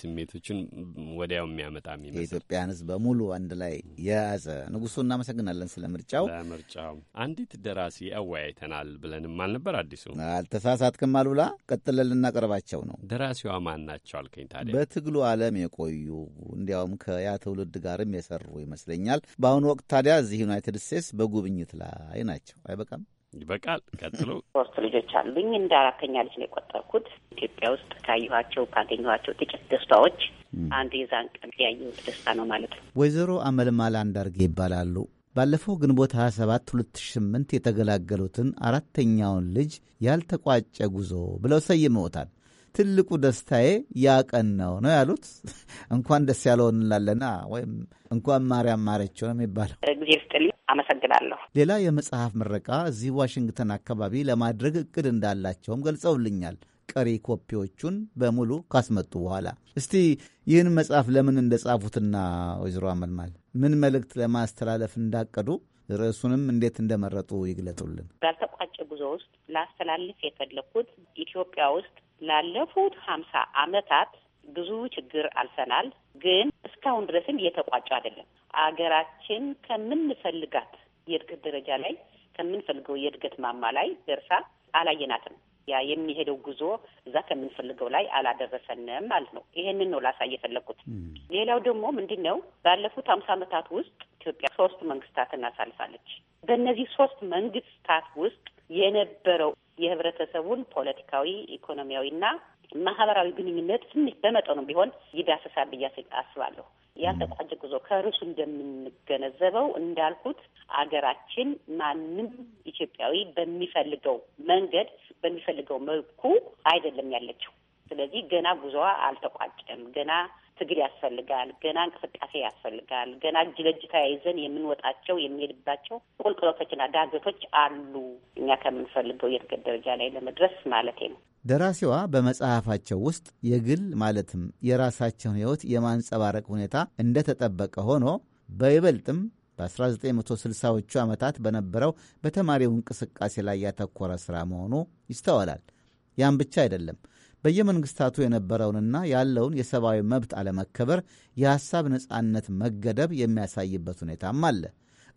ስሜቶችን ወዲያው የሚያመጣ የሚመስል የኢትዮጵያን ሕዝብ በሙሉ አንድ ላይ የያዘ ንጉሱ፣ እናመሰግናለን ስለ ምርጫው። ለምርጫው አንዲት ደራሲ አወያይተናል ብለንም አልነበር አዲሱ? አልተሳሳትክም አሉላ። ቀጥለን ልናቀርባቸው ነው። ደራሲዋ ማን ናቸው አልከኝ። ታዲያ በትግሉ ዓለም የቆዩ እንዲያውም ከያ ትውልድ ጋርም የሰሩ ይመስለኛል። በአሁኑ ወቅት ታዲያ እዚህ ዩናይትድ ስቴትስ በጉብኝት ላይ ናቸው። አይበቃም ይበቃል። ቀጥሎ ሶስት ልጆች አሉኝ። እንደ አራተኛ ልጅ ነው የቆጠርኩት። ኢትዮጵያ ውስጥ ካየኋቸው ካገኘኋቸው ጥቂት ደስታዎች አንዱ የዛን ቀን ያየሁት ደስታ ነው ማለት ነው። ወይዘሮ አመልማል አንዳርጌ ይባላሉ። ባለፈው ግንቦት 27 2008 የተገላገሉትን አራተኛውን ልጅ ያልተቋጨ ጉዞ ብለው ሰይመውታል። ትልቁ ደስታዬ ያቀን ነው ነው ያሉት። እንኳን ደስ ያለው እንላለና ወይም እንኳን ማርያም ማረችው ነው የሚባለው። ጊዜ ስጥልኝ፣ አመሰግናለሁ። ሌላ የመጽሐፍ ምረቃ እዚህ ዋሽንግተን አካባቢ ለማድረግ እቅድ እንዳላቸውም ገልጸውልኛል። ቀሪ ኮፒዎቹን በሙሉ ካስመጡ በኋላ እስቲ ይህን መጽሐፍ ለምን እንደጻፉትና ወይዘሮ አመልማል ምን መልእክት ለማስተላለፍ እንዳቀዱ ርዕሱንም እንዴት እንደመረጡ ይግለጡልን። ባልተቋጨ ጉዞ ውስጥ ላስተላልፍ የፈለኩት ኢትዮጵያ ውስጥ ላለፉት ሀምሳ አመታት ብዙ ችግር አልፈናል፣ ግን እስካሁን ድረስም እየተቋጨ አይደለም። አገራችን ከምንፈልጋት የእድገት ደረጃ ላይ ከምንፈልገው የእድገት ማማ ላይ ደርሳ አላየናትም። ያ የሚሄደው ጉዞ እዛ ከምንፈልገው ላይ አላደረሰንም ማለት ነው። ይሄንን ነው ላሳ እየፈለግኩት። ሌላው ደግሞ ምንድን ነው ባለፉት ሀምሳ ዓመታት ውስጥ ኢትዮጵያ ሶስት መንግስታትን አሳልፋለች። በእነዚህ ሶስት መንግስታት ውስጥ የነበረው የህብረተሰቡን ፖለቲካዊ፣ ኢኮኖሚያዊና ማህበራዊ ግንኙነት ትንሽ በመጠኑ ቢሆን ይዳሰሳል ብዬ አስባለሁ። ያልተቋጨ ጉዞ ከርዕሱ እንደምንገነዘበው እንዳልኩት አገራችን ማንም ኢትዮጵያዊ በሚፈልገው መንገድ በሚፈልገው መልኩ አይደለም ያለችው። ስለዚህ ገና ጉዞዋ አልተቋጨም። ገና ትግል ያስፈልጋል፣ ገና እንቅስቃሴ ያስፈልጋል። ገና እጅ ለእጅ ተያይዘን የምንወጣቸው የሚሄድባቸው ቁልቁለቶችና ዳገቶች አሉ እኛ ከምንፈልገው የእድገት ደረጃ ላይ ለመድረስ ማለቴ ነው። ደራሲዋ በመጽሐፋቸው ውስጥ የግል ማለትም የራሳቸውን ሕይወት የማንጸባረቅ ሁኔታ እንደተጠበቀ ሆኖ በይበልጥም በ1960ዎቹ ዓመታት በነበረው በተማሪው እንቅስቃሴ ላይ ያተኮረ ሥራ መሆኑ ይስተዋላል። ያም ብቻ አይደለም። በየመንግስታቱ የነበረውንና ያለውን የሰብአዊ መብት አለመከበር፣ የሐሳብ ነጻነት መገደብ የሚያሳይበት ሁኔታም አለ።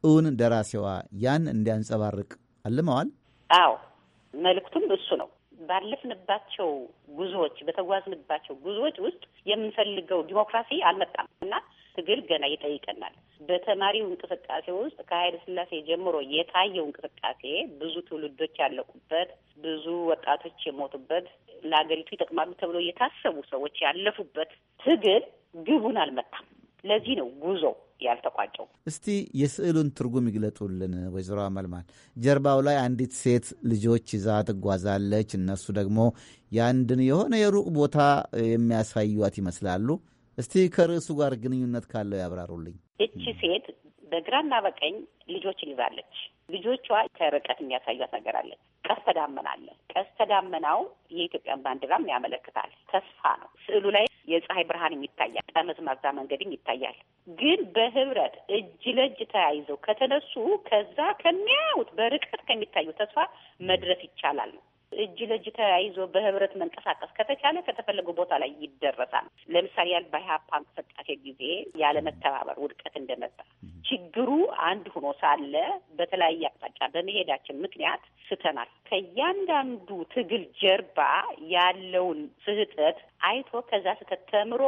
እውን ደራሲዋ ያን እንዲያንጸባርቅ አልመዋል። አዎ መልእክቱም እሱ ነው። ባለፍንባቸው ጉዞዎች፣ በተጓዝንባቸው ጉዞዎች ውስጥ የምንፈልገው ዲሞክራሲ አልመጣም እና ትግል ገና ይጠይቀናል። በተማሪው እንቅስቃሴ ውስጥ ከኃይለ ሥላሴ ጀምሮ የታየው እንቅስቃሴ ብዙ ትውልዶች ያለቁበት፣ ብዙ ወጣቶች የሞቱበት፣ ለሀገሪቱ ይጠቅማሉ ተብሎ የታሰቡ ሰዎች ያለፉበት ትግል ግቡን አልመታም። ለዚህ ነው ጉዞ ያልተቋጨው። እስቲ የስዕሉን ትርጉም ይግለጡልን ወይዘሮ አመልማል። ጀርባው ላይ አንዲት ሴት ልጆች ይዛ ትጓዛለች። እነሱ ደግሞ የአንድን የሆነ የሩቅ ቦታ የሚያሳዩት ይመስላሉ። እስቲ ከርዕሱ ጋር ግንኙነት ካለው ያብራሩልኝ። እቺ ሴት በግራና በቀኝ ልጆችን ይዛለች። ልጆቿ ከርቀት የሚያሳዩት ነገር አለ። ቀስተ ዳመና አለ። ቀስተ ዳመናው የኢትዮጵያን ባንዲራም ያመለክታል። ተስፋ ነው። ስዕሉ ላይ የፀሐይ ብርሃንም ይታያል። ጠመዝማዛ መንገድም ይታያል። ግን በህብረት እጅ ለእጅ ተያይዘው ከተነሱ ከዛ ከሚያዩት በርቀት ከሚታዩ ተስፋ መድረስ ይቻላል ነው እጅ ለእጅ ተያይዞ በህብረት መንቀሳቀስ ከተቻለ ከተፈለገው ቦታ ላይ ይደረሳል። ለምሳሌ ያህል በኢህአፓ እንቅስቃሴ ጊዜ ያለመተባበር ውድቀት እንደመጣ ችግሩ አንድ ሆኖ ሳለ በተለያየ አቅጣጫ በመሄዳችን ምክንያት ስተናል። ከእያንዳንዱ ትግል ጀርባ ያለውን ስህተት አይቶ ከዛ ስህተት ተምሮ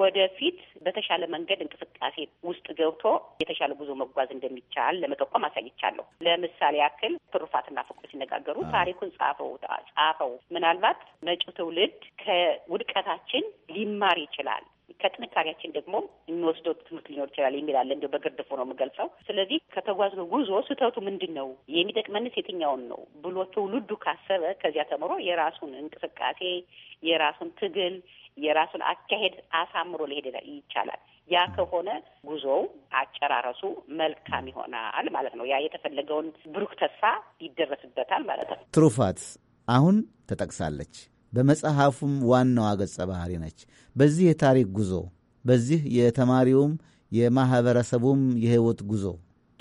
ወደፊት በተሻለ መንገድ እንቅስቃሴ ውስጥ ገብቶ የተሻለ ጉዞ መጓዝ እንደሚቻል ለመጠቆም አሳይቻለሁ። ለምሳሌ ያክል ትሩፋትና ፍቅር ሲነጋገሩ ታሪኩን ጻፈው ጻፈው ምናልባት መጪው ትውልድ ከውድቀታችን ሊማር ይችላል ከጥንካሬያችን ደግሞ የሚወስደው ትምህርት ሊኖር ይችላል የሚል አለ። እንዲያው በግርድፉ ነው የምገልጸው። ስለዚህ ከተጓዝነው ጉዞ ስህተቱ ምንድን ነው፣ የሚጠቅመንስ የትኛውን ነው ብሎ ትውልዱ ካሰበ ከዚያ ተምሮ የራሱን እንቅስቃሴ የራሱን ትግል የራሱን አካሄድ አሳምሮ ሊሄድ ይቻላል። ያ ከሆነ ጉዞው አጨራረሱ መልካም ይሆናል ማለት ነው። ያ የተፈለገውን ብሩክ ተስፋ ይደረስበታል ማለት ነው። ትሩፋት አሁን ተጠቅሳለች። በመጽሐፉም ዋናዋ ገጸ ባህሪ ነች። በዚህ የታሪክ ጉዞ፣ በዚህ የተማሪውም የማኅበረሰቡም የሕይወት ጉዞ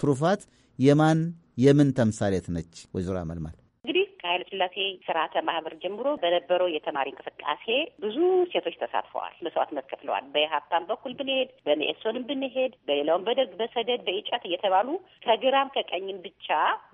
ትሩፋት የማን የምን ተምሳሌት ነች? ወይዘሮ አመልማል እንግዲህ ከኃይለ ሥላሴ ስርዓተ ማህበር ጀምሮ በነበረው የተማሪ እንቅስቃሴ ብዙ ሴቶች ተሳትፈዋል፣ መስዋዕትነት ከፍለዋል። በሀብታም በኩል ብንሄድ፣ በመኢሶንም ብንሄድ፣ በሌላውም በደርግ በሰደድ በኢጫት እየተባሉ ከግራም ከቀኝም ብቻ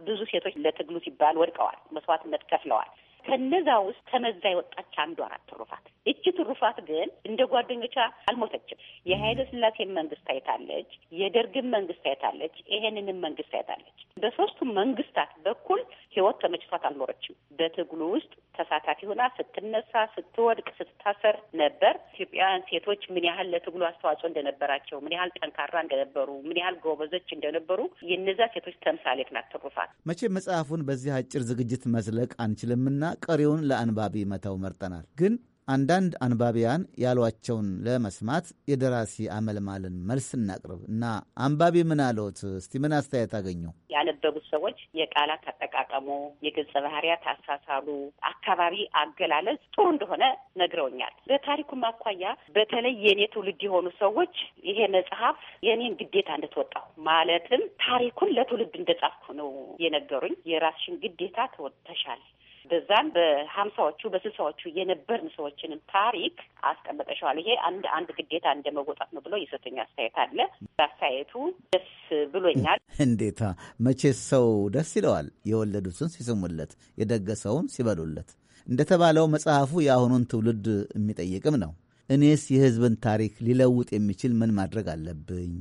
ብዙ ሴቶች ለትግሉ ሲባል ወድቀዋል፣ መስዋዕትነት ከፍለዋል። ከነዛ ውስጥ ተመዛ የወጣች አንዷ አራት ትሩፋት። እቺ ትሩፋት ግን እንደ ጓደኞቿ አልሞተችም። የኃይለ ስላሴን መንግስት አይታለች፣ የደርግን መንግስት አይታለች፣ ይሄንንም መንግስት አይታለች። በሶስቱም መንግስታት በኩል ህይወት ተመችቷት አልኖረችም። በትግሉ ውስጥ ተሳታፊ ሆና ስትነሳ፣ ስትወድቅ፣ ስትታሰር ነበር። ኢትዮጵያውያን ሴቶች ምን ያህል ለትግሉ አስተዋጽኦ እንደነበራቸው፣ ምን ያህል ጠንካራ እንደነበሩ፣ ምን ያህል ጎበዞች እንደነበሩ የነዛ ሴቶች ተምሳሌት ናት ትሩፋት። መቼ መጽሐፉን በዚህ አጭር ዝግጅት መዝለቅ አንችልምና ቀሪውን ለአንባቢ መተው መርጠናል። ግን አንዳንድ አንባቢያን ያሏቸውን ለመስማት የደራሲ አመልማልን መልስ እናቅርብ እና አንባቢ ምን አለት እስቲ ምን አስተያየት አገኙ? ያነበቡት ሰዎች የቃላት አጠቃቀሙ፣ የገጸ ባህሪያት አሳሳሉ፣ አካባቢ አገላለጽ ጥሩ እንደሆነ ነግረውኛል። በታሪኩም አኳያ በተለይ የእኔ ትውልድ የሆኑ ሰዎች ይሄ መጽሐፍ የእኔን ግዴታ እንደተወጣሁ ማለትም ታሪኩን ለትውልድ እንደጻፍኩ ነው የነገሩኝ። የራስሽን ግዴታ ተወጥተሻል በዛም በሀምሳዎቹ በስልሳዎቹ የነበርን ሰዎችንም ታሪክ አስቀምጠሸዋል። ይሄ አንድ አንድ ግዴታ እንደ መወጣት ነው ብሎ የሰጡኝ አስተያየት አለ። አስተያየቱ ደስ ብሎኛል። <laughs> እንዴታ መቼ ሰው ደስ ይለዋል የወለዱትን ሲስሙለት፣ የደገሰውን ሲበሉለት። እንደተባለው መጽሐፉ የአሁኑን ትውልድ የሚጠይቅም ነው። እኔስ የህዝብን ታሪክ ሊለውጥ የሚችል ምን ማድረግ አለብኝ?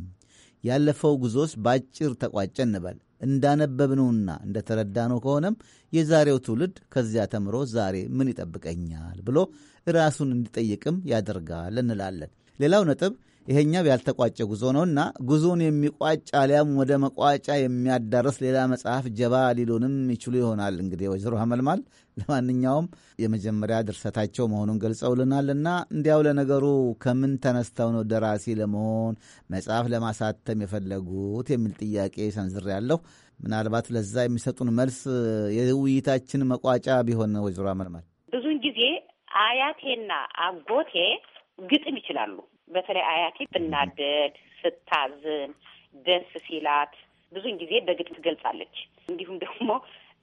ያለፈው ጉዞስ ባጭር ተቋጨ እንበል። እንዳነበብነውና እንደተረዳነው ከሆነም የዛሬው ትውልድ ከዚያ ተምሮ ዛሬ ምን ይጠብቀኛል ብሎ ራሱን እንዲጠይቅም ያደርጋል እንላለን። ሌላው ነጥብ ይሄኛው ያልተቋጨ ጉዞ ነውና ጉዞውን የሚቋጭ አሊያም ወደ መቋጫ የሚያዳርስ ሌላ መጽሐፍ ጀባ ሊሉንም ይችሉ ይሆናል። እንግዲህ ወይዘሮ ሀመልማል ለማንኛውም የመጀመሪያ ድርሰታቸው መሆኑን ገልጸውልናል እና እንዲያው ለነገሩ ከምን ተነስተው ነው ደራሲ ለመሆን መጽሐፍ ለማሳተም የፈለጉት የሚል ጥያቄ ሰንዝር ያለሁ። ምናልባት ለዛ የሚሰጡን መልስ የውይይታችን መቋጫ ቢሆን ወይዘሮ አመልማል ብዙውን ጊዜ አያቴና አጎቴ ግጥም ይችላሉ። በተለይ አያቴ ብናደድ፣ ስታዝን፣ ደስ ሲላት ብዙውን ጊዜ በግጥም ትገልጻለች። እንዲሁም ደግሞ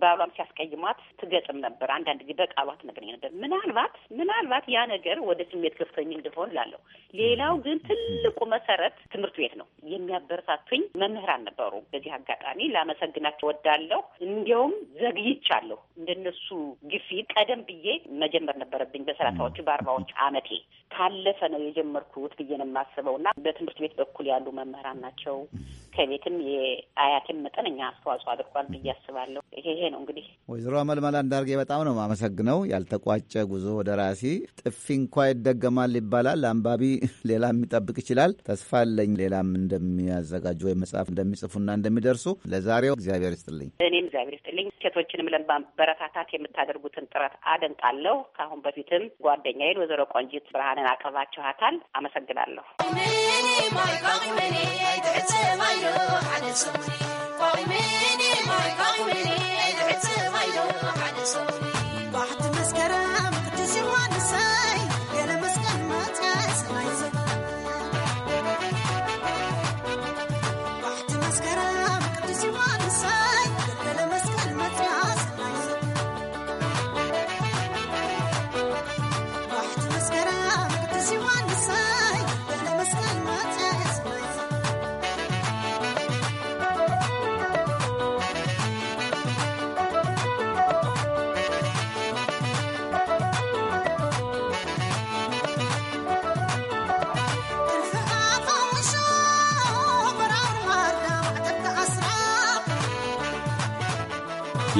ባሏም ሲያስቀይሟት ትገጥም ነበር። አንዳንድ ጊዜ በቃሏት ነገር ነበር። ምናልባት ምናልባት ያ ነገር ወደ ስሜት ገፍቶኝ እንደሆን ላለው። ሌላው ግን ትልቁ መሰረት ትምህርት ቤት ነው። የሚያበረታቱኝ መምህራን ነበሩ። በዚህ አጋጣሚ ላመሰግናቸው ወዳለሁ። እንዲያውም ዘግይቻለሁ። እንደነሱ ግፊት ቀደም ብዬ መጀመር ነበረብኝ። በሰላሳዎቹ በአርባዎቹ አመቴ ካለፈ ነው የጀመርኩት ብዬ ነው የማስበው እና በትምህርት ቤት በኩል ያሉ መምህራን ናቸው። ከቤትም የአያትን መጠነኛ አስተዋጽኦ አድርጓል ብዬ አስባለሁ። ይሄ ነው እንግዲህ። ወይዘሮ አመልማል እንዳርጌ በጣም ነው የማመሰግነው። ያልተቋጨ ጉዞ ወደ ራሲ ጥፊ እንኳ ይደገማል ይባላል። አንባቢ ሌላ የሚጠብቅ ይችላል። ተስፋ አለኝ ሌላም እንደሚያዘጋጁ ወይም መጽሐፍ እንደሚጽፉና እንደሚደርሱ። ለዛሬው እግዚአብሔር ይስጥልኝ። እኔም እግዚአብሔር ይስጥልኝ። ሴቶችንም ለማበረታታት የምታደርጉትን ጥረት አደንቃለሁ። ከአሁን በፊትም ጓደኛዬን ወይዘሮ ቆንጂት ብርሃንን አቅርባችኋታል። አመሰግናለሁ። ቆይ my It's so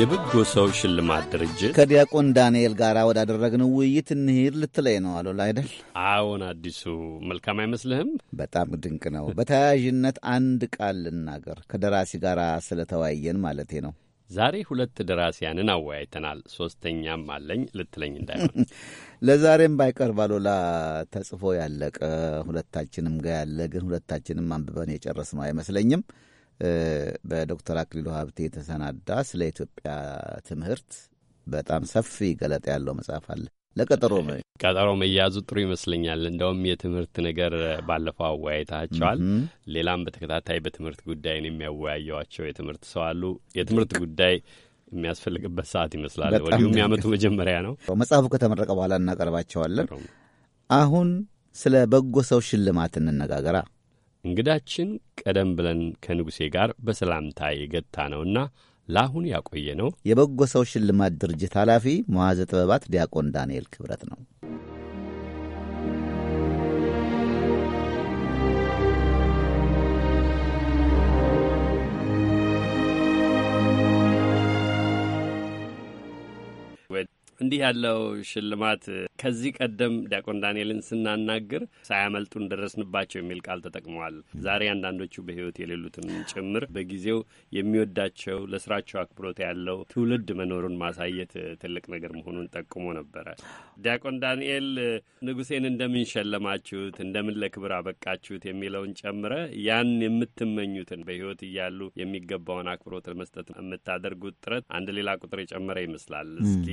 የበጎ ሰው ሽልማት ድርጅት ከዲያቆን ዳንኤል ጋር ወዳደረግነው ውይይት እንሂድ ልትለይ ነው አሉላ አይደል? አዎን አዲሱ፣ መልካም አይመስልህም? በጣም ድንቅ ነው። በተያያዥነት አንድ ቃል ልናገር፣ ከደራሲ ጋር ስለተወያየን ማለቴ ነው። ዛሬ ሁለት ደራሲያንን አወያይተናል። ሶስተኛም አለኝ ልትለኝ እንዳይሆን <laughs> ለዛሬም ባይቀር ባሎላ ተጽፎ ያለቀ ሁለታችንም ጋ ያለ ግን ሁለታችንም አንብበን የጨረስነው አይመስለኝም። በዶክተር አክሊሉ ሀብቴ የተሰናዳ ስለ ኢትዮጵያ ትምህርት በጣም ሰፊ ገለጥ ያለው መጽሐፍ አለ። ለቀጠሮ ቀጠሮ መያዙ ጥሩ ይመስለኛል። እንደውም የትምህርት ነገር ባለፈው አወያይታቸዋል። ሌላም በተከታታይ በትምህርት ጉዳይ የሚያወያየዋቸው የትምህርት ሰው አሉ። የትምህርት ጉዳይ የሚያስፈልግበት ሰዓት ይመስላል። ወዲሁ የሚያመቱ መጀመሪያ ነው። መጽሐፉ ከተመረቀ በኋላ እናቀርባቸዋለን። አሁን ስለ በጎ ሰው ሽልማት እንነጋገራ። እንግዳችን ቀደም ብለን ከንጉሴ ጋር በሰላምታ የገታ ነውና ለአሁን ያቆየ ነው የበጎ ሰው ሽልማት ድርጅት ኃላፊ መዋዘ ጥበባት ዲያቆን ዳንኤል ክብረት ነው። እንዲህ ያለው ሽልማት ከዚህ ቀደም ዲያቆን ዳንኤልን ስናናግር ሳያመልጡን ደረስንባቸው የሚል ቃል ተጠቅመዋል። ዛሬ አንዳንዶቹ በሕይወት የሌሉትን ጭምር በጊዜው የሚወዳቸው ለስራቸው አክብሮት ያለው ትውልድ መኖሩን ማሳየት ትልቅ ነገር መሆኑን ጠቁሞ ነበረ። ዲያቆን ዳንኤል ንጉሴን እንደምን ሸለማችሁት፣ እንደምን ለክብር አበቃችሁት የሚለውን ጨምረ ያን የምትመኙትን በሕይወት እያሉ የሚገባውን አክብሮት ለመስጠት የምታደርጉት ጥረት አንድ ሌላ ቁጥር የጨመረ ይመስላል። እስኪ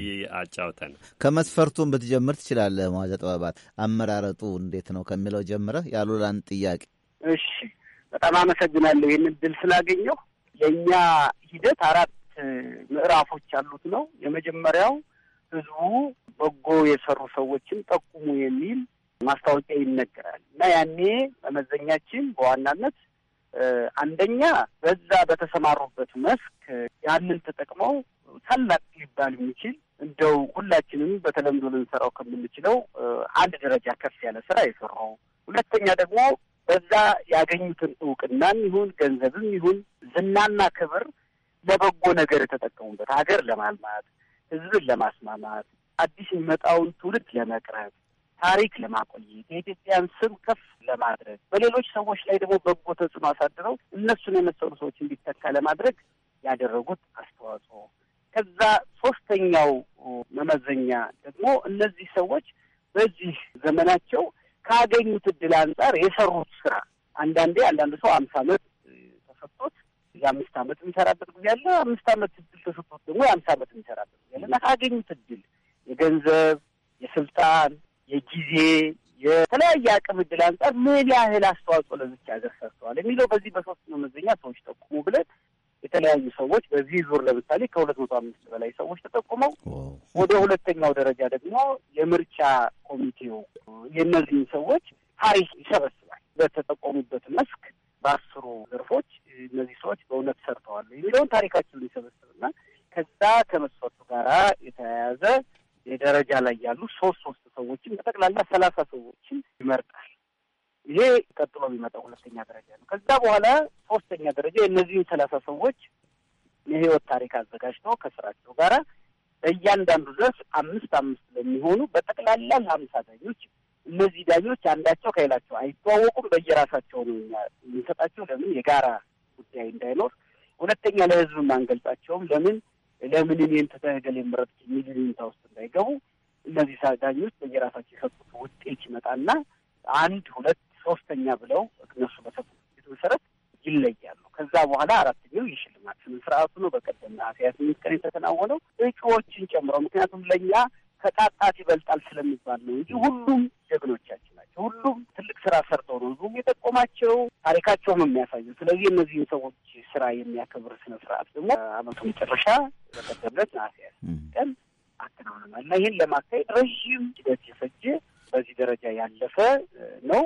አጫውተን ከመስፈርቱን ብትጀምር ትችላለህ። መዋዘ ጥበባት አመራረጡ እንዴት ነው ከሚለው ጀምረህ ያሉላን ጥያቄ። እሺ፣ በጣም አመሰግናለሁ ይህንን ድል ስላገኘሁ። የእኛ ሂደት አራት ምዕራፎች ያሉት ነው። የመጀመሪያው ህዝቡ በጎ የሰሩ ሰዎችን ጠቁሙ የሚል ማስታወቂያ ይነገራል እና ያኔ በመዘኛችን በዋናነት አንደኛ በዛ በተሰማሩበት መስክ ያንን ተጠቅመው ታላቅ ሊባል የሚችል እንደው ሁላችንም በተለምዶ ልንሰራው ከምንችለው አንድ ደረጃ ከፍ ያለ ስራ የሰራው፣ ሁለተኛ ደግሞ በዛ ያገኙትን እውቅናም ይሁን ገንዘብም ይሁን ዝናና ክብር ለበጎ ነገር የተጠቀሙበት ሀገር ለማልማት ህዝብን ለማስማማት አዲስ የሚመጣውን ትውልድ ለመቅረብ ታሪክ ለማቆየት የኢትዮጵያን ስም ከፍ ለማድረግ በሌሎች ሰዎች ላይ ደግሞ በጎ ተጽዕኖ አሳድረው እነሱን የመሰሉ ሰዎች እንዲተካ ለማድረግ ያደረጉት አስተዋጽኦ ከዛ ሶስተኛው መመዘኛ ደግሞ እነዚህ ሰዎች በዚህ ዘመናቸው ካገኙት እድል አንጻር የሰሩት ስራ አንዳንዴ አንዳንድ ሰው አምስት ዓመት ተሰጥቶት የአምስት ዓመት የሚሰራበት ጊዜ አለ። አምስት ዓመት እድል ተሰጥቶት ደግሞ የአምስት ዓመት የሚሰራበት ጊዜ አለ እና ካገኙት እድል የገንዘብ፣ የስልጣን፣ የጊዜ የተለያየ አቅም እድል አንጻር ምን ያህል አስተዋጽኦ ለዚች ሀገር ሰርተዋል የሚለው በዚህ በሶስት መመዘኛ ሰዎች ጠቁሙ ብለን የተለያዩ ሰዎች በዚህ ዙር ለምሳሌ ከሁለት መቶ አምስት በላይ ሰዎች ተጠቁመው ወደ ሁለተኛው ደረጃ ደግሞ የምርጫ ኮሚቴው የእነዚህን ሰዎች ታሪክ ይሰበስባል። በተጠቆሙበት መስክ በአስሩ ዘርፎች እነዚህ ሰዎች በእውነት ሰርተዋል የሚለውን ታሪካቸውን ይሰበስብና ከዛ ከመስፈርቱ ጋር የተያያዘ የደረጃ ላይ ያሉ ሶስት ሶስት ሰዎችን በጠቅላላ ሰላሳ ሰዎችን ይመርጣል። ይሄ ቀጥሎ የሚመጣው ሁለተኛ ደረጃ ነው። ከዛ በኋላ ሶስተኛ ደረጃ የእነዚህን ሰላሳ ሰዎች የህይወት ታሪክ አዘጋጅተው ከስራቸው ጋር እያንዳንዱ ድረስ አምስት አምስት ለሚሆኑ በጠቅላላ ለሀምሳ ዳኞች እነዚህ ዳኞች አንዳቸው ከሌላቸው አይተዋወቁም። በየራሳቸው ነው የምንሰጣቸው። ለምን የጋራ ጉዳይ እንዳይኖር፣ ሁለተኛ ለህዝብ አንገልጻቸውም። ለምን ለምን እኔን ተተገል የምረት የሚል ሁኔታ ውስጥ እንዳይገቡ እነዚህ ዳኞች በየራሳቸው የሰጡት ውጤት ይመጣና አንድ ሁለት ሶስተኛ ብለው እነሱ በተቡት መሰረት ይለያሉ። ከዛ በኋላ አራተኛው የሽልማት ስነ ስርዓቱ ነው። በቀደም ሀያ ስምንት ቀን የተከናወነው እጩዎችን ጨምሮ ምክንያቱም ለእኛ ከጣጣት ይበልጣል ስለሚባል ነው እንጂ ሁሉም ጀግኖቻችን ናቸው። ሁሉም ትልቅ ስራ ሰርተው ነው ህዝቡም የጠቆማቸው ታሪካቸውም የሚያሳዩ። ስለዚህ እነዚህን ሰዎች ስራ የሚያከብር ስነ ስርዓት ደግሞ አመቱ መጨረሻ በቀደም ዕለት ነሐሴ ቀን አከናውነናል እና ይህን ለማካሄድ ረዥም ሂደት የፈጀ በዚህ ደረጃ ያለፈ ነው።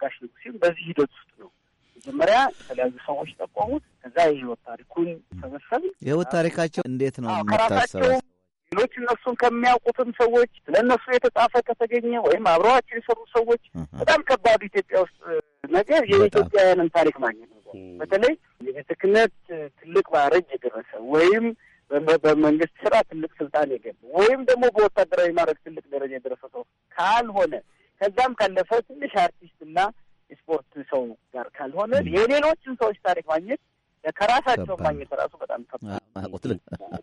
ጋሽ ንጉሴም በዚህ ሂደት ውስጥ ነው መጀመሪያ የተለያዩ ሰዎች ጠቋሙት። ከዛ የህይወት ታሪኩን ሰበሰብ የህይወት ታሪካቸው እንዴት ነው ከራሳቸው ሌሎች እነሱን ከሚያውቁትም ሰዎች ስለ እነሱ የተጻፈ ከተገኘ ወይም አብረዋቸው የሰሩ ሰዎች በጣም ከባዱ ኢትዮጵያ ውስጥ ነገር የኢትዮጵያውያንን ታሪክ ማግኘት ነው። በተለይ የቤተ ክህነት ትልቅ ማዕረግ የደረሰ ወይም በመንግስት ስራ ትልቅ ስልጣን የገባ ወይም ደግሞ በወታደራዊ ማዕረግ ትልቅ ደረጃ የደረሰ ሰው ካልሆነ ከዛም ካለፈ ትንሽ አርቲስትና የስፖርት ሰው ጋር ካልሆነ የሌሎችን ሰዎች ታሪክ ማግኘት ከራሳቸው ማግኘት ራሱ በጣም <laughs>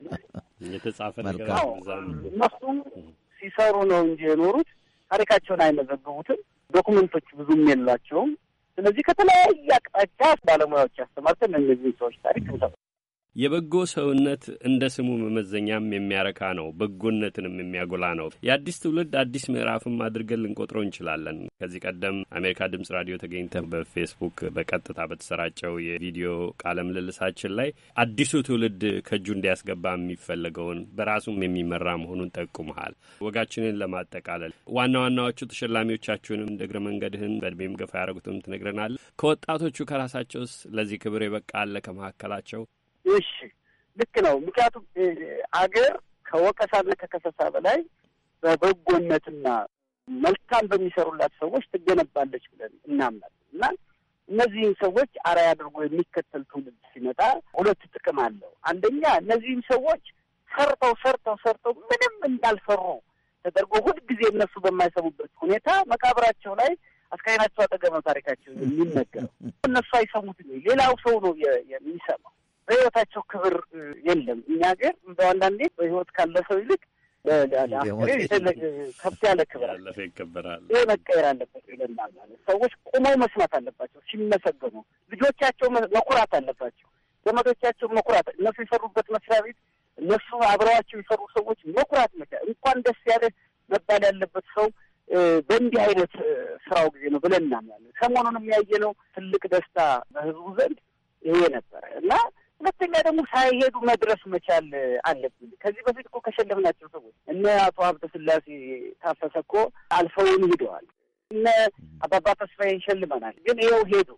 የተጻፈ ነገር እነሱ ሲሰሩ ነው እንጂ የኖሩት ታሪካቸውን አይመዘግቡትም። ዶኩመንቶች ብዙም የላቸውም። ስለዚህ ከተለያየ አቅጣጫ ባለሙያዎች ያስተማርተን እነዚህ ሰዎች ታሪክ የበጎ ሰውነት እንደ ስሙ መመዘኛም የሚያረካ ነው፣ በጎነትንም የሚያጎላ ነው። የአዲስ ትውልድ አዲስ ምዕራፍም አድርገን ልንቆጥረው እንችላለን። ከዚህ ቀደም አሜሪካ ድምጽ ራዲዮ ተገኝተ በፌስቡክ በቀጥታ በተሰራጨው የቪዲዮ ቃለ ምልልሳችን ላይ አዲሱ ትውልድ ከእጁ እንዲያስገባ የሚፈለገውን በራሱም የሚመራ መሆኑን ጠቁመሃል። ወጋችንን ለማጠቃለል ዋና ዋናዎቹ ተሸላሚዎቻችሁንም እንደ እግረ መንገድህን በእድሜም ገፋ ያደረጉትም ትነግረናል። ከወጣቶቹ ከራሳቸውስ ለዚህ ክብር የበቃ አለ ከመካከላቸው? እሺ ልክ ነው። ምክንያቱም አገር ከወቀሳና ከከሰሳ በላይ በበጎነትና መልካም በሚሰሩላት ሰዎች ትገነባለች ብለን እናምናለን እና እነዚህን ሰዎች አርአያ አድርጎ የሚከተል ትውልድ ሲመጣ ሁለት ጥቅም አለው። አንደኛ እነዚህም ሰዎች ሰርተው ሰርተው ሰርተው ምንም እንዳልሰሩ ተደርጎ ሁልጊዜ እነሱ በማይሰሙበት ሁኔታ መቃብራቸው ላይ አስካይናቸው አጠገመ ታሪካቸው የሚነገረው። እነሱ አይሰሙት፣ ሌላው ሰው ነው የሚሰማው። በህይወታቸው ክብር የለም። እኛ ሀገር እንደው አንዳንዴ በህይወት ካለ ሰው ይልቅ ከብት ያለ ክብር ይከበራል። ይህ መቀየር አለበት ይለናል። ማለት ሰዎች ቁመው መስማት አለባቸው ሲመሰገኑ፣ ልጆቻቸው መኩራት አለባቸው፣ ዘመዶቻቸው መኩራት፣ እነሱ የሰሩበት መስሪያ ቤት፣ እነሱ አብረዋቸው የሰሩ ሰዎች መኩራት መቻ እንኳን ደስ ያለ መባል ያለበት ሰው በእንዲህ አይነት ስራው ጊዜ ነው ብለን እናምናለን። ሰሞኑን የሚያየነው ትልቅ ደስታ በህዝቡ ዘንድ ይሄ ነበረ እና ሁለተኛ ደግሞ ሳይሄዱ መድረስ መቻል አለብን። ከዚህ በፊት እኮ ከሸለምናቸው ሰዎች እነ አቶ ሀብተ ስላሴ ታፈሰ እኮ አልፈውን ሂደዋል። እነ አባባ ተስፋዬ ሸልመናል፣ ግን ይኸው ሄዱ።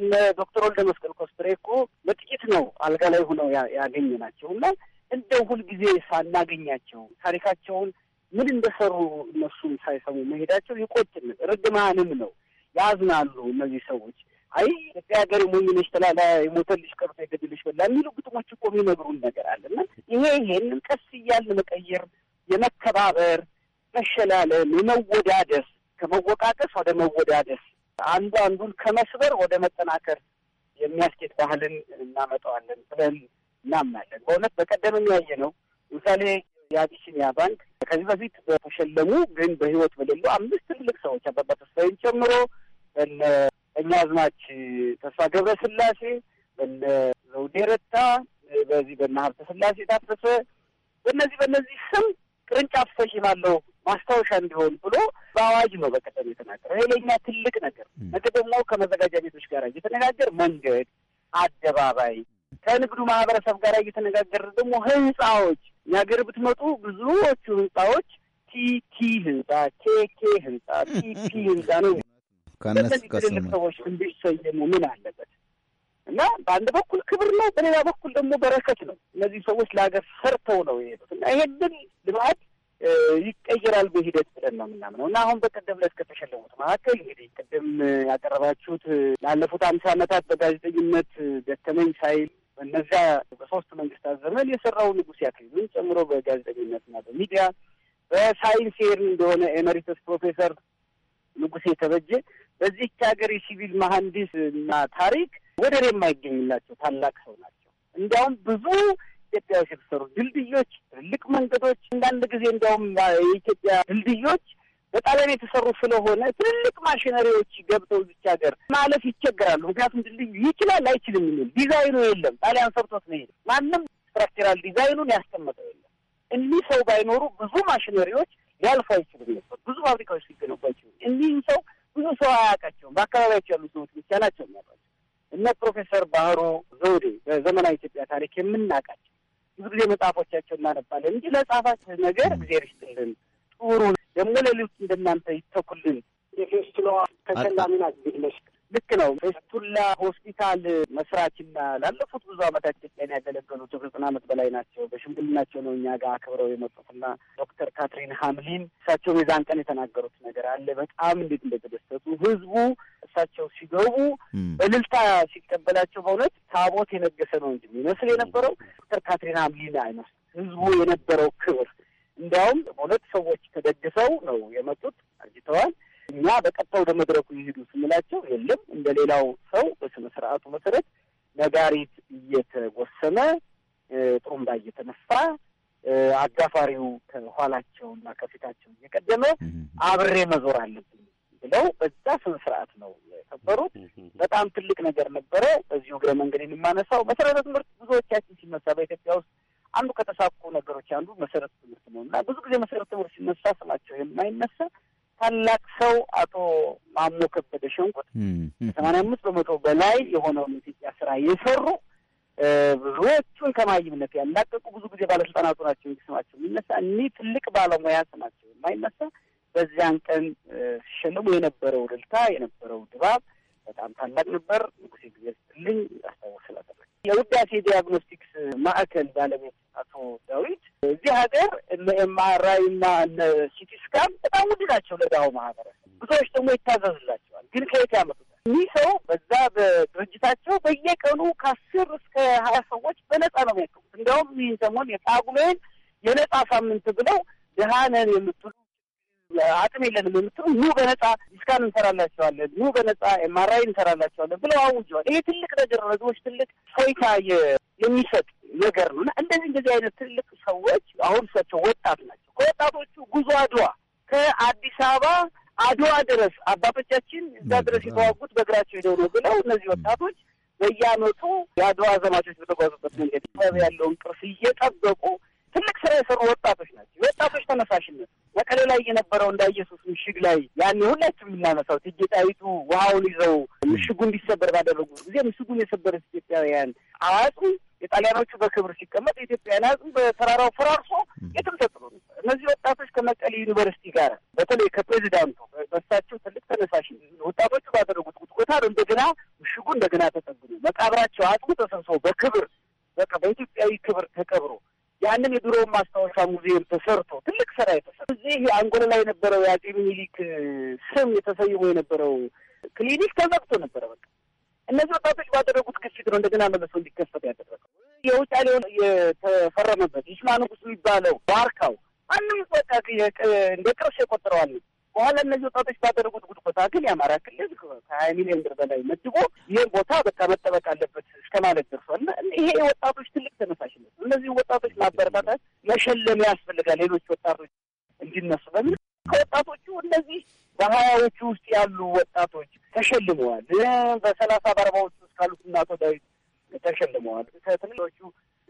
እነ ዶክተር ወልደ መስቀል ኮስትሬ እኮ በጥቂት ነው አልጋ ላይ ሆነው ያገኘ ናቸው እና እንደው ሁልጊዜ ሳናገኛቸው ታሪካቸውን ምን እንደሰሩ እነሱም ሳይሰሙ መሄዳቸው ይቆጭን፣ ርግማንም ነው። ያዝናሉ እነዚህ ሰዎች አይ ኢትዮጵያ ሀገር የሞኝ ነች ትላላ የሞተልሽ ቀርቶ የገድልሽ በላ የሚሉ ግጥሞች እኮ የሚነግሩን ነገር አለና ይሄ ይሄንን ቀስ እያልን መቀየር የመከባበር መሸላለም፣ የመወዳደስ ከመወቃቀስ ወደ መወዳደስ አንዱ አንዱን ከመስበር ወደ መጠናከር የሚያስኬድ ባህልን እናመጣዋለን ብለን እናምናለን። በእውነት በቀደምም ያየ ነው። ለምሳሌ የአቢሲኒያ ባንክ ከዚህ በፊት በተሸለሙ ግን በህይወት በሌሉ አምስት ትልቅ ሰዎች አባባ ተስፋዬን ጨምሮ በነ እኛ ቀኛዝማች ተስፋ ገብረ ስላሴ፣ በነ ዘውዴ ረታ፣ በዚህ በነ ሀብተ ስላሴ ታፈሰ በነዚህ በነዚህ ስም ቅርንጫፍ ሰይማለሁ ማስታወሻ እንዲሆን ብሎ በአዋጅ ነው በቀደም የተናገረ። ይሄ ለእኛ ትልቅ ነገር ነገ ደግሞ ከመዘጋጃ ቤቶች ጋር እየተነጋገር መንገድ፣ አደባባይ ከንግዱ ማህበረሰብ ጋር እየተነጋገር ደግሞ ህንፃዎች እኛ ሀገር ብትመጡ ብዙዎቹ ህንፃዎች ቲቲ ህንፃ፣ ኬኬ ህንፃ፣ ቲፒ ህንፃ ነው ከነዚህ ትልልቅ ሰዎች እንዲሰየሙ ምን አለበት? እና በአንድ በኩል ክብር ነው፣ በሌላ በኩል ደግሞ በረከት ነው። እነዚህ ሰዎች ለሀገር ሰርተው ነው የሄዱት እና ይሄንን ልማት ይቀየራል በሂደት ብለን ነው የምናምነው እና አሁን በቀደም ዕለት ከተሸለሙት መካከል እንግዲህ ቅድም ያቀረባችሁት ላለፉት አምሳ ዓመታት በጋዜጠኝነት ደከመኝ ሳይል እነዚያ በሶስት መንግስታት ዘመን የሰራው ንጉሴ አክሊሉን ጨምሮ በጋዜጠኝነትና በሚዲያ በሳይንስ ሄር እንደሆነ ኤመሪተስ ፕሮፌሰር ንጉሴ ተበጀ በዚህች ሀገር የሲቪል መሀንዲስ እና ታሪክ ወደር የማይገኝላቸው ታላቅ ሰው ናቸው። እንዲያውም ብዙ ኢትዮጵያዎች የተሰሩ ድልድዮች፣ ትልልቅ መንገዶች አንዳንድ ጊዜ እንዲያውም የኢትዮጵያ ድልድዮች በጣሊያን የተሰሩ ስለሆነ ትልልቅ ማሽነሪዎች ገብተው እዚች ሀገር ማለፍ ይቸገራሉ። ምክንያቱም ድልድዩ ይችላል አይችልም የሚል ዲዛይኑ የለም። ጣሊያን ሰርቶት ነው የሄደው። ማንም ስትራክቸራል ዲዛይኑን ያስቀመጠው የለም። እኒህ ሰው ባይኖሩ ብዙ ማሽነሪዎች ሊያልፉ አይችልም ነበር። ብዙ ፋብሪካዎች ሊገነቡ አይችሉም። እኒህም ሰው ብዙ ሰው አያውቃቸውም። በአካባቢያቸው ያሉ ሰዎች ብቻ ናቸው የሚያውቋቸው። እነ ፕሮፌሰር ባህሩ ዘውዴ በዘመናዊ ኢትዮጵያ ታሪክ የምናውቃቸው ብዙ ጊዜ መጽሐፎቻቸው እናነባለን እንጂ ለጻፋችሁ ነገር እግዜር ይስጥልን፣ ጥሩ ደግሞ ለሌሎች እንደናንተ ይተኩልን። የፌስትለዋ ተሸላሚ ናት። ልክ ነው። ፌስቱላ ሆስፒታል መስራችና ላለፉት ብዙ አመታት ኢትዮጵያን ያገለገሉት ዘጠና አመት በላይ ናቸው። በሽምግልናቸው ነው እኛ ጋር አክብረው የመጡትና ዶክተር ካትሪን ሀምሊን እሳቸው የዛን ቀን የተናገሩት ነገር አለ። በጣም እንዴት እንደተደሰቱ ህዝቡ እሳቸው ሲገቡ በልልታ ሲቀበላቸው በእውነት ታቦት የነገሰ ነው እንጂ የሚመስል የነበረው ዶክተር ካትሪን ሀምሊን አይመስል ህዝቡ የነበረው ክብር እንዲያውም በሁለት ሰዎች ተደግሰው ነው የመጡት አርጅተዋል። እና በቀጥታ ወደ መድረኩ ይሄዱ ስንላቸው የለም እንደ ሌላው ሰው በስነ ስርዓቱ መሰረት ነጋሪት እየተጎሰመ ጦምባ እየተነፋ አጋፋሪው ከኋላቸውና ከፊታቸው እየቀደመ አብሬ መዞር አለብኝ ብለው በዛ ስነ ስርዓት ነው የከበሩት። በጣም ትልቅ ነገር ነበረ። በዚሁ እግረ መንገድ የማነሳው መሰረተ ትምህርት ብዙዎቻችን ሲነሳ በኢትዮጵያ ውስጥ አንዱ ከተሳኩ ነገሮች አንዱ መሰረተ ትምህርት ነው እና ብዙ ጊዜ መሰረተ ትምህርት ሲነሳ ስማቸው የማይነሳ ታላቅ ሰው አቶ ማሞ ከበደ ሸንቁት ከሰማንያ አምስት በመቶ በላይ የሆነውን የኢትዮጵያ ስራ የሰሩ ብዙዎቹን ከማይምነት ያላቀቁ ብዙ ጊዜ ባለስልጣናቱ ናቸው። ስማቸው የሚነሳ እኒህ ትልቅ ባለሙያ ስማቸው የማይነሳ በዚያን ቀን ሲሸለሙ የነበረው ልልታ የነበረው ድባብ በጣም ታላቅ ነበር። ንጉሴ ጊዜ ስትልኝ አስታውስ ነበር። የውዳሴ ዲያግኖስቲክስ ማዕከል ባለቤት አቶ ዳዊት እዚህ ሀገር እነ ኤምአርአይ እና እነ ሲቲ ስካን በጣም ውድ ናቸው ለዳው ማህበረሰብ። ብዙዎች ደግሞ ይታዘዙላቸዋል፣ ግን ከየት ያመጡታል? እኒህ ሰው በዛ በድርጅታቸው በየቀኑ ከአስር እስከ ሀያ ሰዎች በነጻ ነው የሚያቀቡት። እንዲያውም ይህን ሰሞን የጳጉሜን የነጻ ሳምንት ብለው ድሀ ነን የምትሉ አቅም የለንም የምትሉ ኑ በነጻ ዲስካን እንሰራላቸዋለን፣ ኑ በነጻ ኤምአርአይ እንሰራላቸዋለን ብለው አውጀዋል። ይሄ ትልቅ ነገር ነው። ህዝቦች ትልቅ ፎይታ የሚሰጥ ነገር ነው እና እንደዚህ እንደዚህ አይነት ትልቅ ሰዎች አሁን እሳቸው ወጣት ናቸው። ከወጣቶቹ ጉዞ አድዋ ከአዲስ አበባ አድዋ ድረስ አባቶቻችን እዛ ድረስ የተዋጉት በእግራቸው ሄደው ነው ብለው እነዚህ ወጣቶች በየዓመቱ የአድዋ ዘማቾች በተጓዙበት መንገድ ጥበብ ያለውን ቅርስ እየጠበቁ ትልቅ ስራ የሰሩ ወጣቶች ናቸው። ወጣቶች ተነሳሽነት መቀሌ ላይ የነበረው እንዳ ኢየሱስ ምሽግ ላይ ያኔ ሁላችሁም የምናነሳው እቴጌ ጣይቱ ውሃውን ይዘው ምሽጉ እንዲሰበር ባደረጉ ጊዜ ምሽጉን የሰበረች ኢትዮጵያውያን አዋቂ የጣሊያኖቹ በክብር ሲቀመጥ የኢትዮጵያን ህዝብ በተራራው ፈራርሶ የትም ተጥሎ እነዚህ ወጣቶች ከመቀሌ ዩኒቨርሲቲ ጋር በተለይ ከፕሬዚዳንቱ በሳቸው ትልቅ ተነሳሽ ወጣቶቹ ባደረጉት ቁጥቆታ እንደገና ምሽጉ እንደገና ተጠግኑ መቃብራቸው አጥሙ ተሰብሶ በክብር በቃ በኢትዮጵያዊ ክብር ተቀብሮ ያንን የድሮውን ማስታወሻ ሙዚየም ተሰርቶ ትልቅ ስራ የተሰራ እዚህ አንጎል ላይ የነበረው የአጼ ሚኒሊክ ስም የተሰይሞ የነበረው ክሊኒክ ተዘግቶ ነበረ። በቃ እነዚህ ወጣቶች ባደረጉት ግፊት ነው እንደገና መልሶ እንዲከፈት ያደረገው። የውጫሌውን የተፈረመበት ይስማ ንጉስ የሚባለው ዋርካው አንም በቃ እንደ ቅርስ የቆጠረዋል። በኋላ እነዚህ ወጣቶች ባደረጉት ጉድጎታ ግን የአማራ ክልል ከሀያ ሚሊዮን ብር በላይ መድቦ ይህን ቦታ በቃ መጠበቅ አለበት እስከ ማለት ደርሷል። ይሄ የወጣቶች ትልቅ ተነሳሽነት፣ እነዚህ ወጣቶች ማበረታታት መሸለም ያስፈልጋል። ሌሎች ወጣቶች እንዲነሱ በሚል ከወጣቶቹ እነዚህ በሀያዎቹ ውስጥ ያሉ ወጣቶች ተሸልመዋል። በሰላሳ በአርባዎቹ ውስጥ ካሉት እናቶ ዳዊት ተሸልመዋል። ከትንሾቹ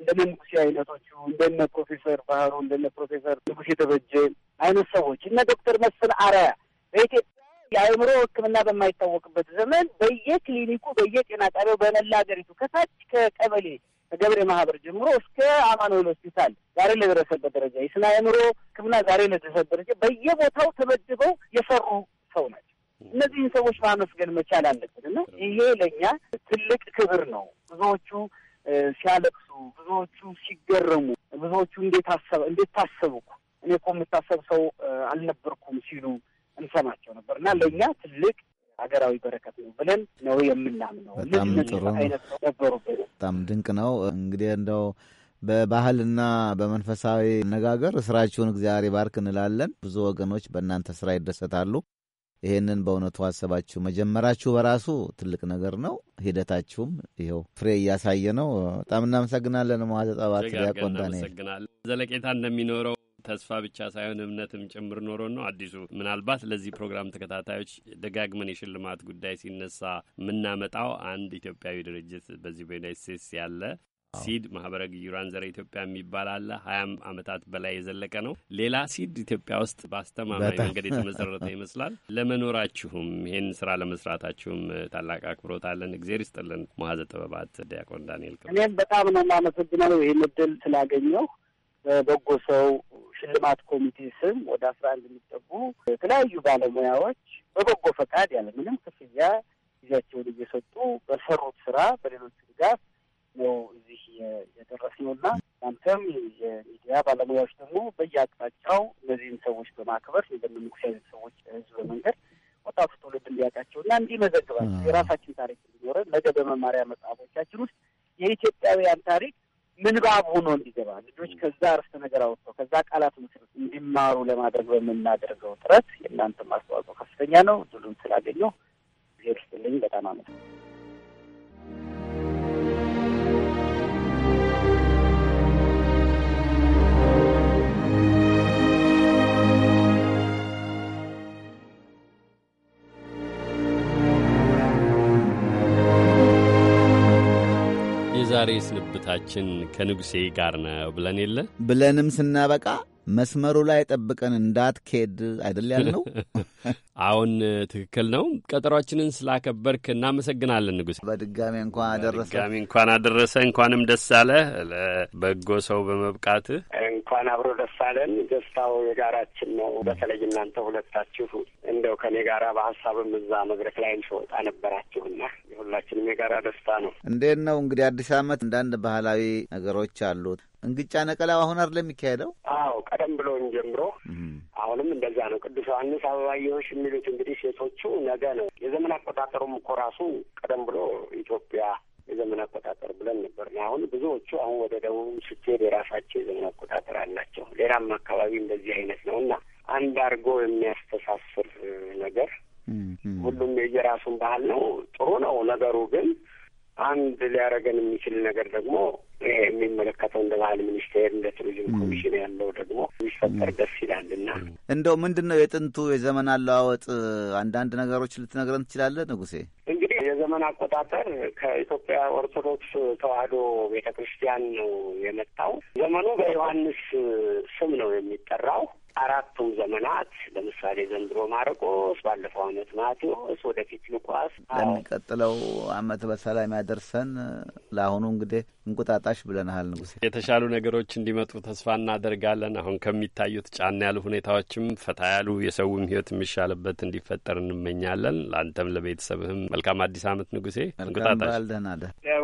እንደ ንጉሴ አይነቶቹ እንደነ ፕሮፌሰር ባህሩ እንደነ ፕሮፌሰር ንጉሴ የተበጀ አይነት ሰዎች እነ ዶክተር መስፍን አርአያ በኢትዮጵያ የአእምሮ ሕክምና በማይታወቅበት ዘመን በየክሊኒኩ በየጤና ጣቢያው በመላ ሀገሪቱ ከታች ከቀበሌ ከገብሬ ማህበር ጀምሮ እስከ አማኑኤል ሆስፒታል ዛሬ ለደረሰበት ደረጃ የስነ አእምሮ ሕክምና ዛሬ ለደረሰበት ደረጃ በየቦታው ተመድበው የሰሩ ሰው ናቸው። እነዚህን ሰዎች ማመስገን መቻል አለብን እና ይሄ ለእኛ ትልቅ ክብር ነው። ብዙዎቹ ሲያለቅሱ፣ ብዙዎቹ ሲገረሙ፣ ብዙዎቹ እንዴት አሰብ እንዴት ታሰብኩ እኔ እኮ የምታሰብ ሰው አልነበርኩም ሲሉ እንሰማቸው ነበር እና ለእኛ ትልቅ ሀገራዊ በረከት ነው ብለን ነው የምናምነው። በጣም ጥሩ አይነት በጣም ድንቅ ነው። እንግዲህ እንደው በባህልና በመንፈሳዊ አነጋገር ስራችሁን እግዚአብሔር ይባርክ እንላለን። ብዙ ወገኖች በእናንተ ስራ ይደሰታሉ። ይሄንን በእውነቱ አሰባችሁ መጀመራችሁ በራሱ ትልቅ ነገር ነው። ሂደታችሁም ይኸው ፍሬ እያሳየ ነው። በጣም እናመሰግናለን። መዋዘ ጸባት ዲያቆን ዘለቄታ እንደሚኖረው ተስፋ ብቻ ሳይሆን እምነትም ጭምር ኖሮን ነው። አዲሱ ምናልባት ለዚህ ፕሮግራም ተከታታዮች ደጋግመን የሽልማት ጉዳይ ሲነሳ የምናመጣው አንድ ኢትዮጵያዊ ድርጅት በዚህ በዩናይት ስቴትስ ያለ ሲድ ማህበረ ግዩራን ዘረ ኢትዮጵያ የሚባል አለ። ሀያም አመታት በላይ የዘለቀ ነው። ሌላ ሲድ ኢትዮጵያ ውስጥ በአስተማማኝ መንገድ የተመሰረተ ይመስላል። ለመኖራችሁም ይህን ስራ ለመስራታችሁም ታላቅ አክብሮት አለን። እግዜር ይስጥልን። መሐዘ ጥበባት ዲያቆን ዳንኤል እኔም በጣም ነው የማመሰግነው ይህን እድል ስላገኘው በበጎ ሰው ሽልማት ኮሚቴ ስም ወደ አስራ አንድ የሚጠጉ የተለያዩ ባለሙያዎች በበጎ ፈቃድ ያለ ምንም ክፍያ ጊዜያቸውን እየሰጡ በሰሩት ስራ በሌሎች ድጋፍ ነው እዚህ የደረስ ነው እና እናንተም የሚዲያ ባለሙያዎች ደግሞ በየአቅጣጫው እነዚህን ሰዎች በማክበር እንደምንጉሽ አይነት ሰዎች ህዝብ በመንገድ ወጣቱ ትውልድ እንዲያውቃቸው እና እንዲመዘግባቸው የራሳችን ታሪክ እንዲኖረን ነገ በመማሪያ መጽሐፎቻችን ውስጥ የኢትዮጵያውያን ታሪክ ምንባብ ሆኖ እንዲገባ ልጆች ከዛ አረፍተ ነገር አውጥተው ከዛ ቃላት መሰረት እንዲማሩ ለማድረግ በምናደርገው ጥረት የእናንተ አስተዋጽኦ ከፍተኛ ነው። ድሉን ስላገኘሁ እግዚአብሔር ይስጥልኝ። በጣም አመሰግናለሁ። ዛሬ ውይይታችን ከንጉሴ ጋር ነው ብለን የለ ብለንም ስናበቃ መስመሩ ላይ ጠብቀን እንዳትኬድ አይደል ያልነው። <laughs> አሁን ትክክል ነው። ቀጠሯችንን ስላከበርክ እናመሰግናለን ንጉሥ። በድጋሚ እንኳን አደረሰ በድጋሚ እንኳን አደረሰ። እንኳንም ደስ አለ በጎ ሰው በመብቃት እንኳን አብሮ ደስ አለን። ደስታው የጋራችን ነው። በተለይ እናንተ ሁለታችሁ እንደው ከኔ ጋራ በሀሳብም እዛ መድረክ ላይ ስወጣ ነበራችሁና የሁላችንም የጋራ ደስታ ነው። እንዴት ነው እንግዲህ አዲስ ዓመት አንዳንድ ባህላዊ ነገሮች አሉት። እንግጫ ነቀላው አሁን አይደለም የሚካሄደው? አዎ ቀደም ብሎን ጀምሮ አሁንም እንደዛ ነው። ቅዱስ ዮሐንስ አበባየሆሽ የሚሉት እንግዲህ ሴቶቹ ነገ ነው። የዘመን አቆጣጠሩም እኮ ራሱ ቀደም ብሎ ኢትዮጵያ የዘመን አቆጣጠር ብለን ነበር። አሁን ብዙዎቹ አሁን ወደ ደቡብ ስትሄድ የራሳቸው የዘመን አቆጣጠር አላቸው። ሌላም አካባቢ እንደዚህ አይነት ነው እና አንድ አድርጎ የሚያስተሳስር ነገር ሁሉም የየራሱን ባህል ነው። ጥሩ ነው ነገሩ ግን አንድ ሊያደርገን የሚችል ነገር ደግሞ የሚመለከተው እንደ ባህል ሚኒስቴር እንደ ቱሪዝም ኮሚሽን ያለው ደግሞ የሚፈጠር ደስ ይላል። እንደው ምንድን ነው የጥንቱ የዘመን አለዋወጥ አንዳንድ ነገሮች ልትነግረን ትችላለህ ንጉሴ? እንግዲህ የዘመን አቆጣጠር ከኢትዮጵያ ኦርቶዶክስ ተዋህዶ ቤተ ክርስቲያን ነው የመጣው። ዘመኑ በዮሐንስ ስም ነው የሚጠራው። አራቱም ዘመናት ለምሳሌ ዘንድሮ ማርቆስ፣ ባለፈው አመት ማቴዎስ፣ ወደፊት ሉቃስ ለሚቀጥለው አመት በሰላም ያደርሰን። ለአሁኑ እንግዲህ እንቁጣጣሽ ብለናሃል ንጉሴ። የተሻሉ ነገሮች እንዲመጡ ተስፋ እናደርጋለን። አሁን ከሚታዩት ጫና ያሉ ሁኔታዎችም ፈታ ያሉ የሰውም ህይወት የሚሻልበት እንዲፈጠር እንመኛለን። ለአንተም ለቤተሰብህም መልካም አዲስ አመት ንጉሴ። እንቁጣጣሽ። ደህና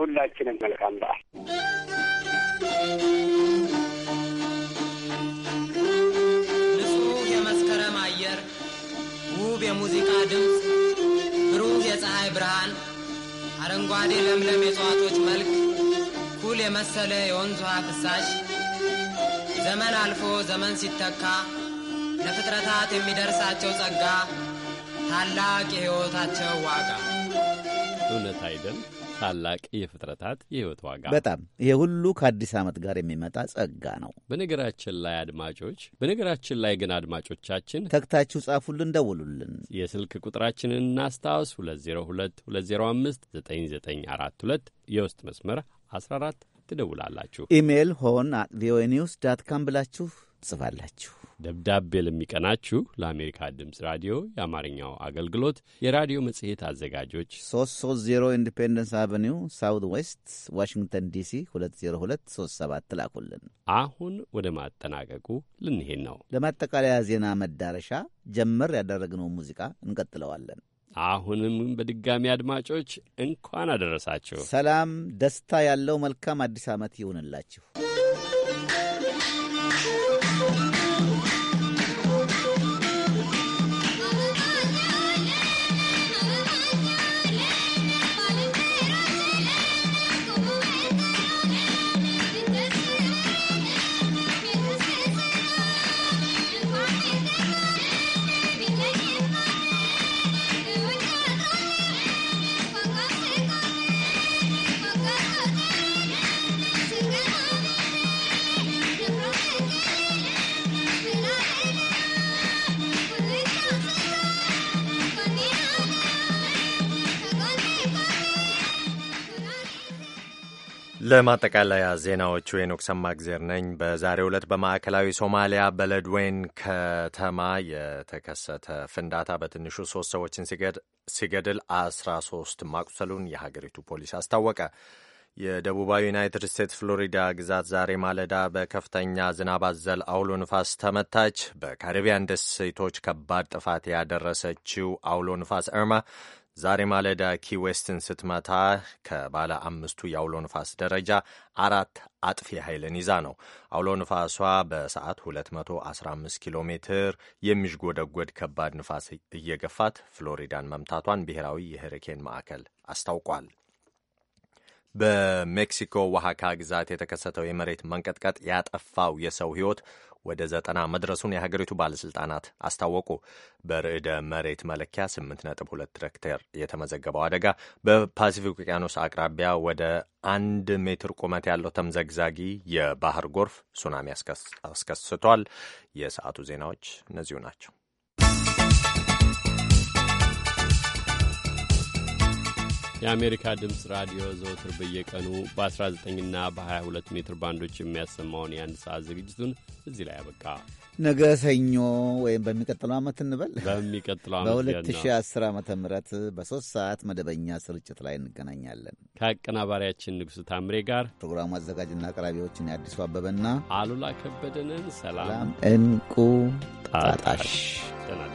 ሁላችንም መልካም በዓል። ውብ የሙዚቃ ድምፅ፣ ብሩህ የፀሐይ ብርሃን፣ አረንጓዴ ለምለም የእጽዋቶች መልክ፣ ኩል የመሰለ የወንዝ ውሃ ፍሳሽ፣ ዘመን አልፎ ዘመን ሲተካ ለፍጥረታት የሚደርሳቸው ጸጋ ታላቅ የሕይወታቸው ዋጋ እውነት አይደል? ታላቅ የፍጥረታት የሕይወት ዋጋ በጣም ይሄ ሁሉ ከአዲስ ዓመት ጋር የሚመጣ ጸጋ ነው። በነገራችን ላይ አድማጮች በነገራችን ላይ ግን አድማጮቻችን ተግታችሁ ጻፉልን፣ ደውሉልን። የስልክ ቁጥራችንን እናስታውስ 202 የውስጥ መስመር 14 ትደውላላችሁ። ኢሜይል ሆን አት ቪኦኤ ኒውስ ዳት ካም ብላችሁ ትጽፋላችሁ። ደብዳቤ ለሚቀናችሁ ለአሜሪካ ድምፅ ራዲዮ የአማርኛው አገልግሎት የራዲዮ መጽሔት አዘጋጆች 330 ኢንዲፔንደንስ አቨኒው ሳውት ዌስት ዋሽንግተን ዲሲ 20237 ላኩልን። አሁን ወደ ማጠናቀቁ ልንሄድ ነው። ለማጠቃለያ ዜና መዳረሻ ጀመር ያደረግነው ሙዚቃ እንቀጥለዋለን። አሁንም በድጋሚ አድማጮች እንኳን አደረሳችሁ። ሰላም፣ ደስታ ያለው መልካም አዲስ ዓመት ይሁንላችሁ። ለማጠቃለያ ዜናዎቹ የኖክ ሰማግዜር ነኝ። በዛሬው ዕለት በማዕከላዊ ሶማሊያ በለድዌን ከተማ የተከሰተ ፍንዳታ በትንሹ ሶስት ሰዎችን ሲገድል አስራ ሶስት ማቁሰሉን የሀገሪቱ ፖሊስ አስታወቀ። የደቡባዊ ዩናይትድ ስቴትስ ፍሎሪዳ ግዛት ዛሬ ማለዳ በከፍተኛ ዝናብ አዘል አውሎ ንፋስ ተመታች። በካሪቢያን ደሴቶች ከባድ ጥፋት ያደረሰችው አውሎ ንፋስ እርማ ዛሬ ማለዳ ኪ ዌስትን ስትመታ ከባለ አምስቱ የአውሎ ንፋስ ደረጃ አራት አጥፊ ኃይልን ይዛ ነው። አውሎ ንፋሷ በሰዓት 215 ኪሎ ሜትር የሚዥጎደጎድ ከባድ ንፋስ እየገፋት ፍሎሪዳን መምታቷን ብሔራዊ የህሪኬን ማዕከል አስታውቋል። በሜክሲኮ ዋሃካ ግዛት የተከሰተው የመሬት መንቀጥቀጥ ያጠፋው የሰው ሕይወት ወደ ዘጠና መድረሱን የሀገሪቱ ባለሥልጣናት አስታወቁ። በርዕደ መሬት መለኪያ 8.2 ሬክተር የተመዘገበው አደጋ በፓሲፊክ ውቅያኖስ አቅራቢያ ወደ አንድ ሜትር ቁመት ያለው ተምዘግዛጊ የባህር ጎርፍ ሱናሚ አስከስቷል። የሰዓቱ ዜናዎች እነዚሁ ናቸው። የአሜሪካ ድምፅ ራዲዮ ዘወትር በየቀኑ በ19ና በ22 ሜትር ባንዶች የሚያሰማውን የአንድ ሰዓት ዝግጅቱን እዚህ ላይ አበቃ። ነገ ሰኞ ወይም በሚቀጥለው ዓመት እንበል በሚቀጥለው ዓመት በ2010 ዓ ም በሶስት ሰዓት መደበኛ ስርጭት ላይ እንገናኛለን ከአቀናባሪያችን ንጉሥ ታምሬ ጋር። ፕሮግራሙ አዘጋጅና አቅራቢዎችን የአዲሱ አበበና አሉላ ከበደንን ሰላም እንቁ ጣጣሽ ደናል